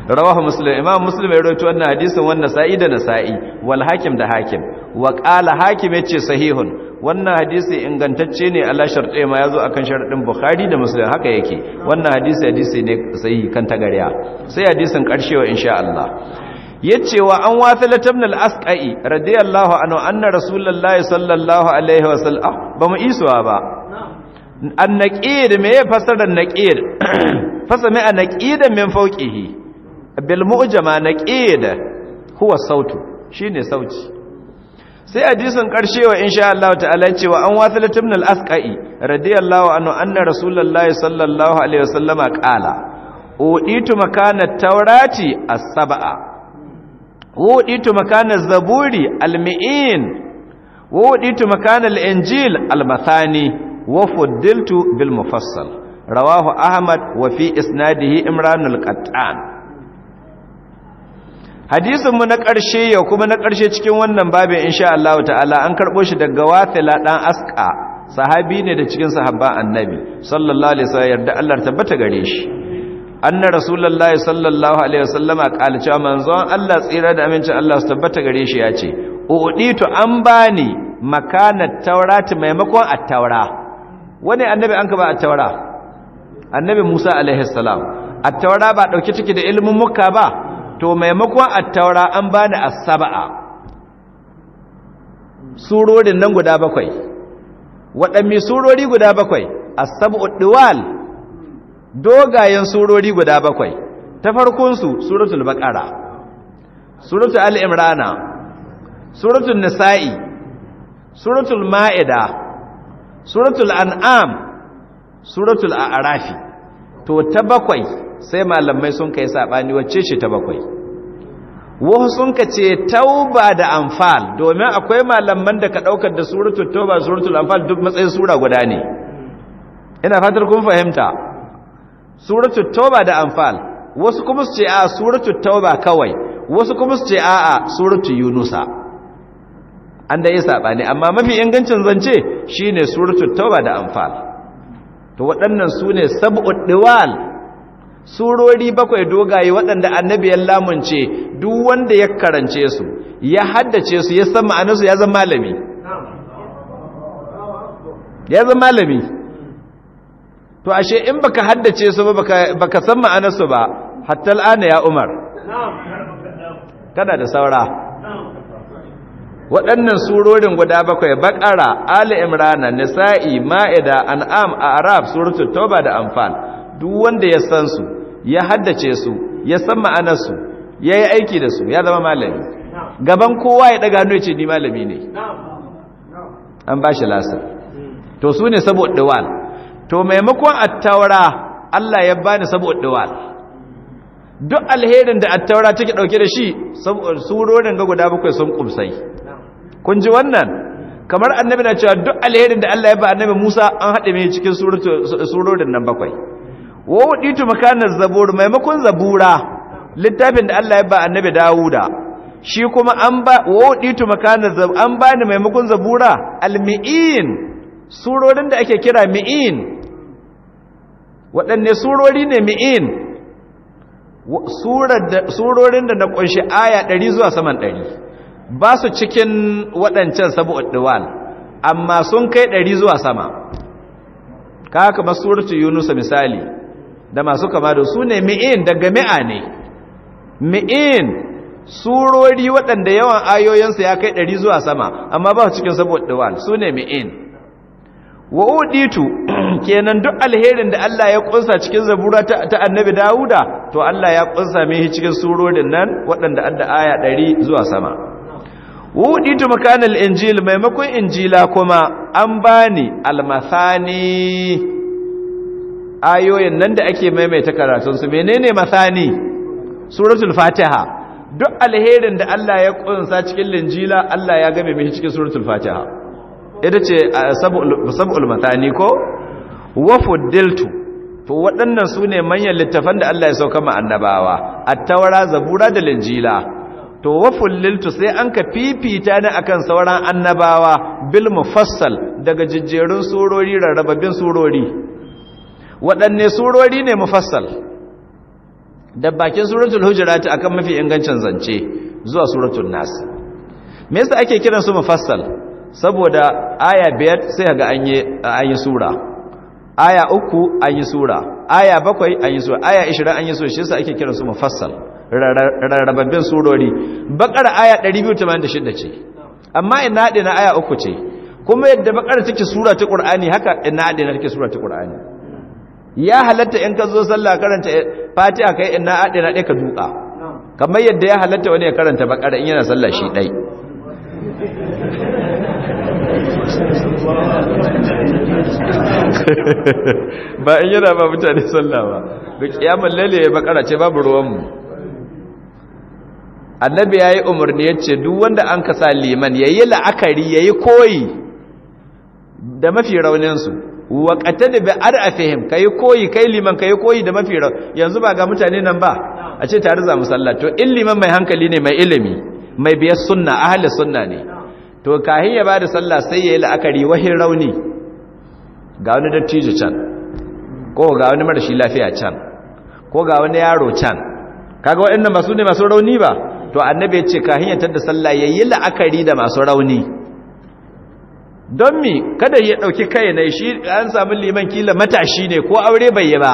rawahu muslim imam muslim ya rawaito wannan hadisin wannan da nasa'i wal hakim da hakim wa qala hakim yace sahihun wannan hadisi ingantacce ne Allah sharɗe ma yazo akan sharɗin Bukhari da Muslim haka yake wannan hadisi hadisi ne sahihi kan tagariya sai hadisin ƙarshe wa insha Allah yace wa an wafilat ibn al-asqai radiyallahu anhu anna rasulullahi sallallahu alaihi wa sallam ah ba mu isuwa ba an naqir me fasarar naqir fasami an naqid min fawqihi bil mu'jama naqid huwa sautu shine sauti sai hadisin karshe wa insha Allah ta'ala cewa an wasilat ibn al-asqai radiyallahu anhu anna rasulullahi sallallahu alaihi wasallama qala uditu makana taurati as-sab'a uditu makana zaburi al-mi'in uditu makana al-injil al-mathani wa fuddiltu bil mufassal rawahu ahmad wa fi isnadihi imran al-qattan Hadisinmu mu na ƙarshe yau kuma na ƙarshe cikin wannan babin insha Allah ta'ala an karɓo shi daga wafila ɗan aska sahabi ne da cikin sahabban Annabi sallallahu alaihi wasallam yarda Allah tabbata gare shi anna rasulullahi sallallahu alaihi wasallama qala cewa manzon Allah tsira da amincin Allah su tabbata gare shi yace uditu an bani makanat taurati maimakon at-taura wani annabi an ka ba at-taura annabi Musa alaihi salam at-taura ba dauke take da ilimin mukka ba to maimakon attaura an bani as-sab'a surorin nan guda bakwai waɗanne surori guda bakwai as diwal dogayen surori guda bakwai ta farkon su suratul baqara suratul al suratul nisa'i suratul ma'ida suratul an'am suratul a'rafi to ta bakwai sai malamai sun kai sabani wacce shi ta bakwai wasu sun ka ce tauba da amfal domin akwai malaman da ka ɗaukar da suratul tauba suratul amfal duk matsayin sura guda ne ina fatar kun fahimta suratul tauba da amfal wasu kuma su ce a suratul tauba kawai wasu kuma su ce a a suratul yunusa an da yi saɓani amma mafi ingancin zance shine suratul tauba da amfal to waɗannan su ne sab'ud diwal surori bakwai dogaye waɗanda annabi ya lamunce duk wanda ya karance su ya haddace su ya san ma'anarsu ya zama malami ya zama malami to ashe in baka haddace su ba baka san ma'anarsu ba hatta al'ana ya umar Tana da saura waɗannan surorin guda bakwai bakara ali imrana nisa'i ma'ida an'am A'rab, Surutu, Toba da Amfan. duk wanda ya san su ya haddace su ya san ma'anar su ya yi aiki da su ya zama malami gaban kowa ya daga hannu ya ce ni malami ne an ba shi lasar to su ne saboda dawal to maimakon attawara Allah ya bani saboda dawal duk alherin da attawara take dauke da shi surorin ga guda bakwai sun kumsai kun ji wannan kamar annabi na cewa duk alherin da Allah ya ba annabi Musa an haɗe mai cikin surorin nan bakwai wa wuditu makanar zabur maimakon zabura littafin da Allah ya ba annabi Dawuda shi kuma an ba wa wuditu makanar zab an ba ni maimakon zabura almi'in surorin da ake kira mi'in waɗanne surori ne mi'in surorin da na kunshi aya ɗari zuwa saman ɗari ba su cikin waɗancan sabo'ud diwal amma sun kai ɗari zuwa sama ka haka masurci yunusa misali da masu kama da su ne mi'in daga mi'a ne mi'in surori waɗanda yawan ayoyinsa ya kai ɗari zuwa sama amma ba cikin saboda dawal su ne mi'in wa uditu kenan duk alherin da Allah ya kunsa cikin zabura ta, annabi Dawuda to Allah ya kunsa mai cikin surorin nan waɗanda da aya ɗari zuwa sama uditu makanan injil maimakon injila kuma an bani almasani ayoyin nan da ake maimaita karatunsu menene masani suratul fatiha duk alherin da Allah ya kunsa cikin linjila Allah ya game mai cikin suratul fatiha ita ce uh, sab'ul masani ko wa fuddiltu to waɗannan su ne manyan littafan da Allah ya sauka ma annabawa attawara zabura da linjila to wa fuddiltu sai an ka fifita ni akan sauran annabawa bil mufassal daga jijjerun surori rarrababin surori waɗanne surori ne mafassal da bakin suratul hujurat akan mafi ingancin zance zuwa suratul nas me yasa ake kiran su mafassal saboda aya biyar sai ga an yi an yi sura aya uku an yi sura aya bakwai an yi sura aya 20 an yi sura shi yasa ake kiran su mafassal rarrababbin surori bakar aya 286 ce amma ina na aya uku ce kuma yadda bakar take sura ta qur'ani haka ina na take sura ta qur'ani ya halatta in ka zo sallah karanta fatiha kai inna adina dai ka duka kamar yadda ya halatta wani ya karanta bakara in yana sallah shi dai ba in yana ba mutane sallah ba da kiyamar lalle ya bakara ce babu ruwanmu annabi ya yi umarni ya ce duk wanda an kasa liman ya yi la'akari ya yi koyi da mafi rauninsu wa qatada bi arafihim kai koyi kai liman kai koyi da mafi yanzu ba ga mutane nan ba a ce tare za mu to in liman mai hankali ne mai ilimi mai biyar sunna ahli sunna ne to kahin ya bada sallah sai yayi la'akari wahin rauni ga wani dattijo can ko ga wani marashi lafiya can ko ga wani yaro can kaga waɗannan masu ne masu rauni ba to annabi ya ce kahin ya da sallah yayi la'akari da masu rauni don mi kada ya ɗauki kai na shi an samu liman kila matashi ne ko aure bai yi ba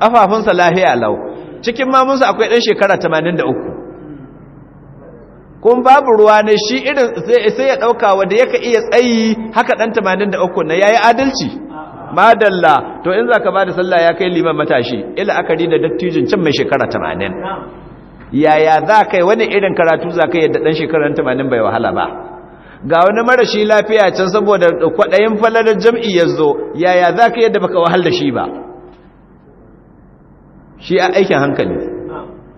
kafafunsa lahiya lau cikin mamunsa akwai dan shekara 83 kun babu ruwa ne shi irin sai ya ɗauka wanda yaka iya tsayi haka ɗan 83 na yayi adalci madalla to in za ka ba da sallah ya kai liman matashi ila akari da dattijin can mai shekara 80 yaya za kai yi wani irin karatu za ka yi da ɗan shekarar 80 bai wahala ba ga wani marashi lafiya can saboda kwaɗayin falalar jam'i ya zo yaya za ka yadda baka wahal da shi ba shi a aikin hankali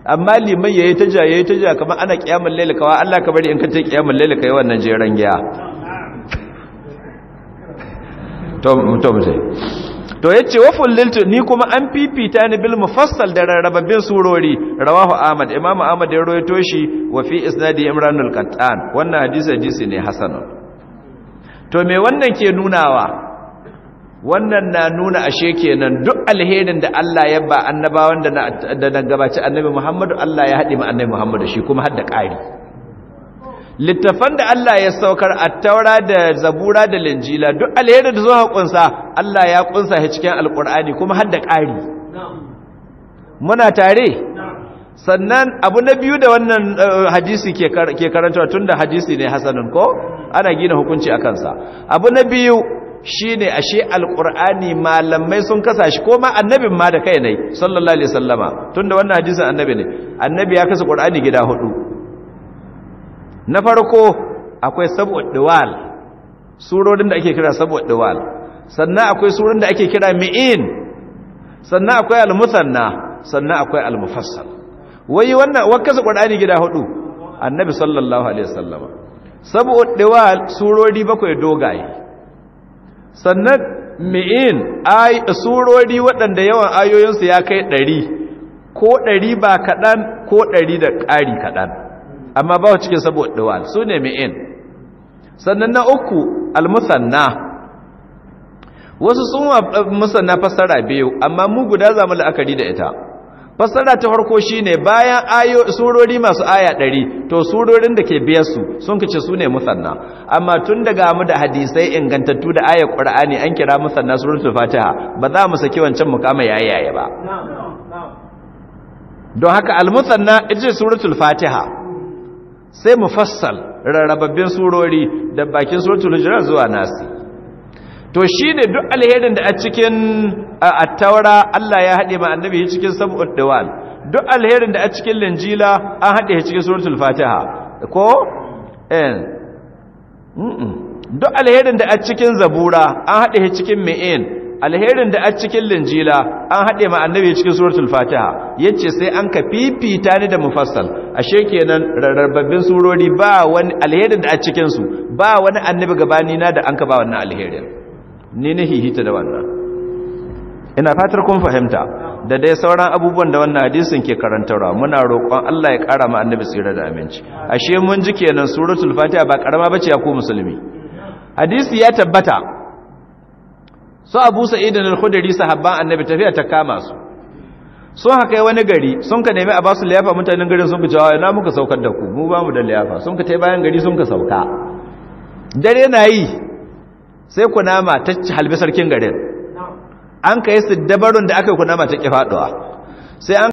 amma liman ya yi ta ja ya yi ta ja kamar ana ƙiyamun wa allah ka bari in ka ta ƙiyamun lalaka yawan nan jeren giya tom tom sai to ya ce wa fulliltu ni kuma an fifita ni bil mufassal da rarrababin surori rawahu ahmad imamu ahmad ya rawaito shi wa fi isnadi imran al-qattan wannan hadisi hadisi ne hasan to me wannan ke nunawa wannan na nuna ashe kenan duk alherin da Allah ya ba annabawan da na gabaci annabi Muhammadu Allah ya haɗe ma annabi Muhammadu shi kuma har da ƙari littafan da Allah ya saukar a taura da zabura da linjila duk alherin da zuwa kunsa Allah ya kunsa shi cikin alkur'ani kuma har da ƙari muna tare sannan abu na biyu da wannan eh, hadisi ke karanta tun da hadisi ne hasanun ko ana gina hukunci a kansa abu na biyu shi ne ashe Alƙur'ani malamai sun kasa shi ko ma annabin ma da kai ne sallallahu alaihi sallama tun da wannan hadisin annabi ne annabi ya kasa ƙur'ani gida hudu na farko akwai sabuɗuwal surorin da ake kira sabuɗuwal, sannan akwai surorin da ake kira mi'in sannan akwai al-musanna sannan akwai al wai wannan wakasa qur'ani gida hudu annabi sallallahu alaihi wasallam sab'ud diwal surori bakwai dogaye sannan mi'in ay surori waɗanda yawan ayoyinsu ya kai 100 ko 100 ba kadan ko 100 da ƙari kadan amma ba cikin saboda dawal su ne mi'in sannan na uku almusanna wasu sun musanna fassara biyu amma mu guda zamu la'akari da ita Fasara ta farko shine bayan ayo surori masu aya ɗari, to surorin da ke biyar su sun kace su ne musanna amma tun daga mu da hadisai ingantattu da ayar qur'ani an kira musanna suratul fatiha ba za mu saki wancan mukama yayaye ba don haka almusanna ita suratul fatiha sai mufassal rarrababbin surori da bakin suratul jiran zuwa nasi to shine duk alherin da a cikin at-taura Allah ya hade ma annabi cikin sab'ud diwan duk alherin da a cikin linjila an hade cikin suratul fatiha ko eh duk alherin da a cikin zabura an hade cikin me'in alherin da a cikin linjila an haɗe ma annabi cikin suratul fatiha yace sai an ka fifita ni da mufassal ashe kenan rarrababbin surori ba wani alherin da a cikin su ba wani annabi gabani na da an ka ba wannan alherin ni ne hihita da wannan ina fatar kun fahimta da dai sauran abubuwan da wannan hadisin ke karantarwa muna roƙon Allah ya ƙara ma annabi tsira da aminci ashe mun ji kenan suratul fatiha ba karama bace ya ku musulmi hadisi ya tabbata su abu da al-khudri sahabban annabi tafiya ta kama su sun haka wani gari sun ka nemi a basu liyafa mutanen garin sun ka cewa yana muka saukar da ku mu ba mu da liyafa sun ka tai bayan gari sun ka sauka dare na yi sai kunama ta halbi sarkin garin an kai yi dabarun da aka yi kunama ta ki sai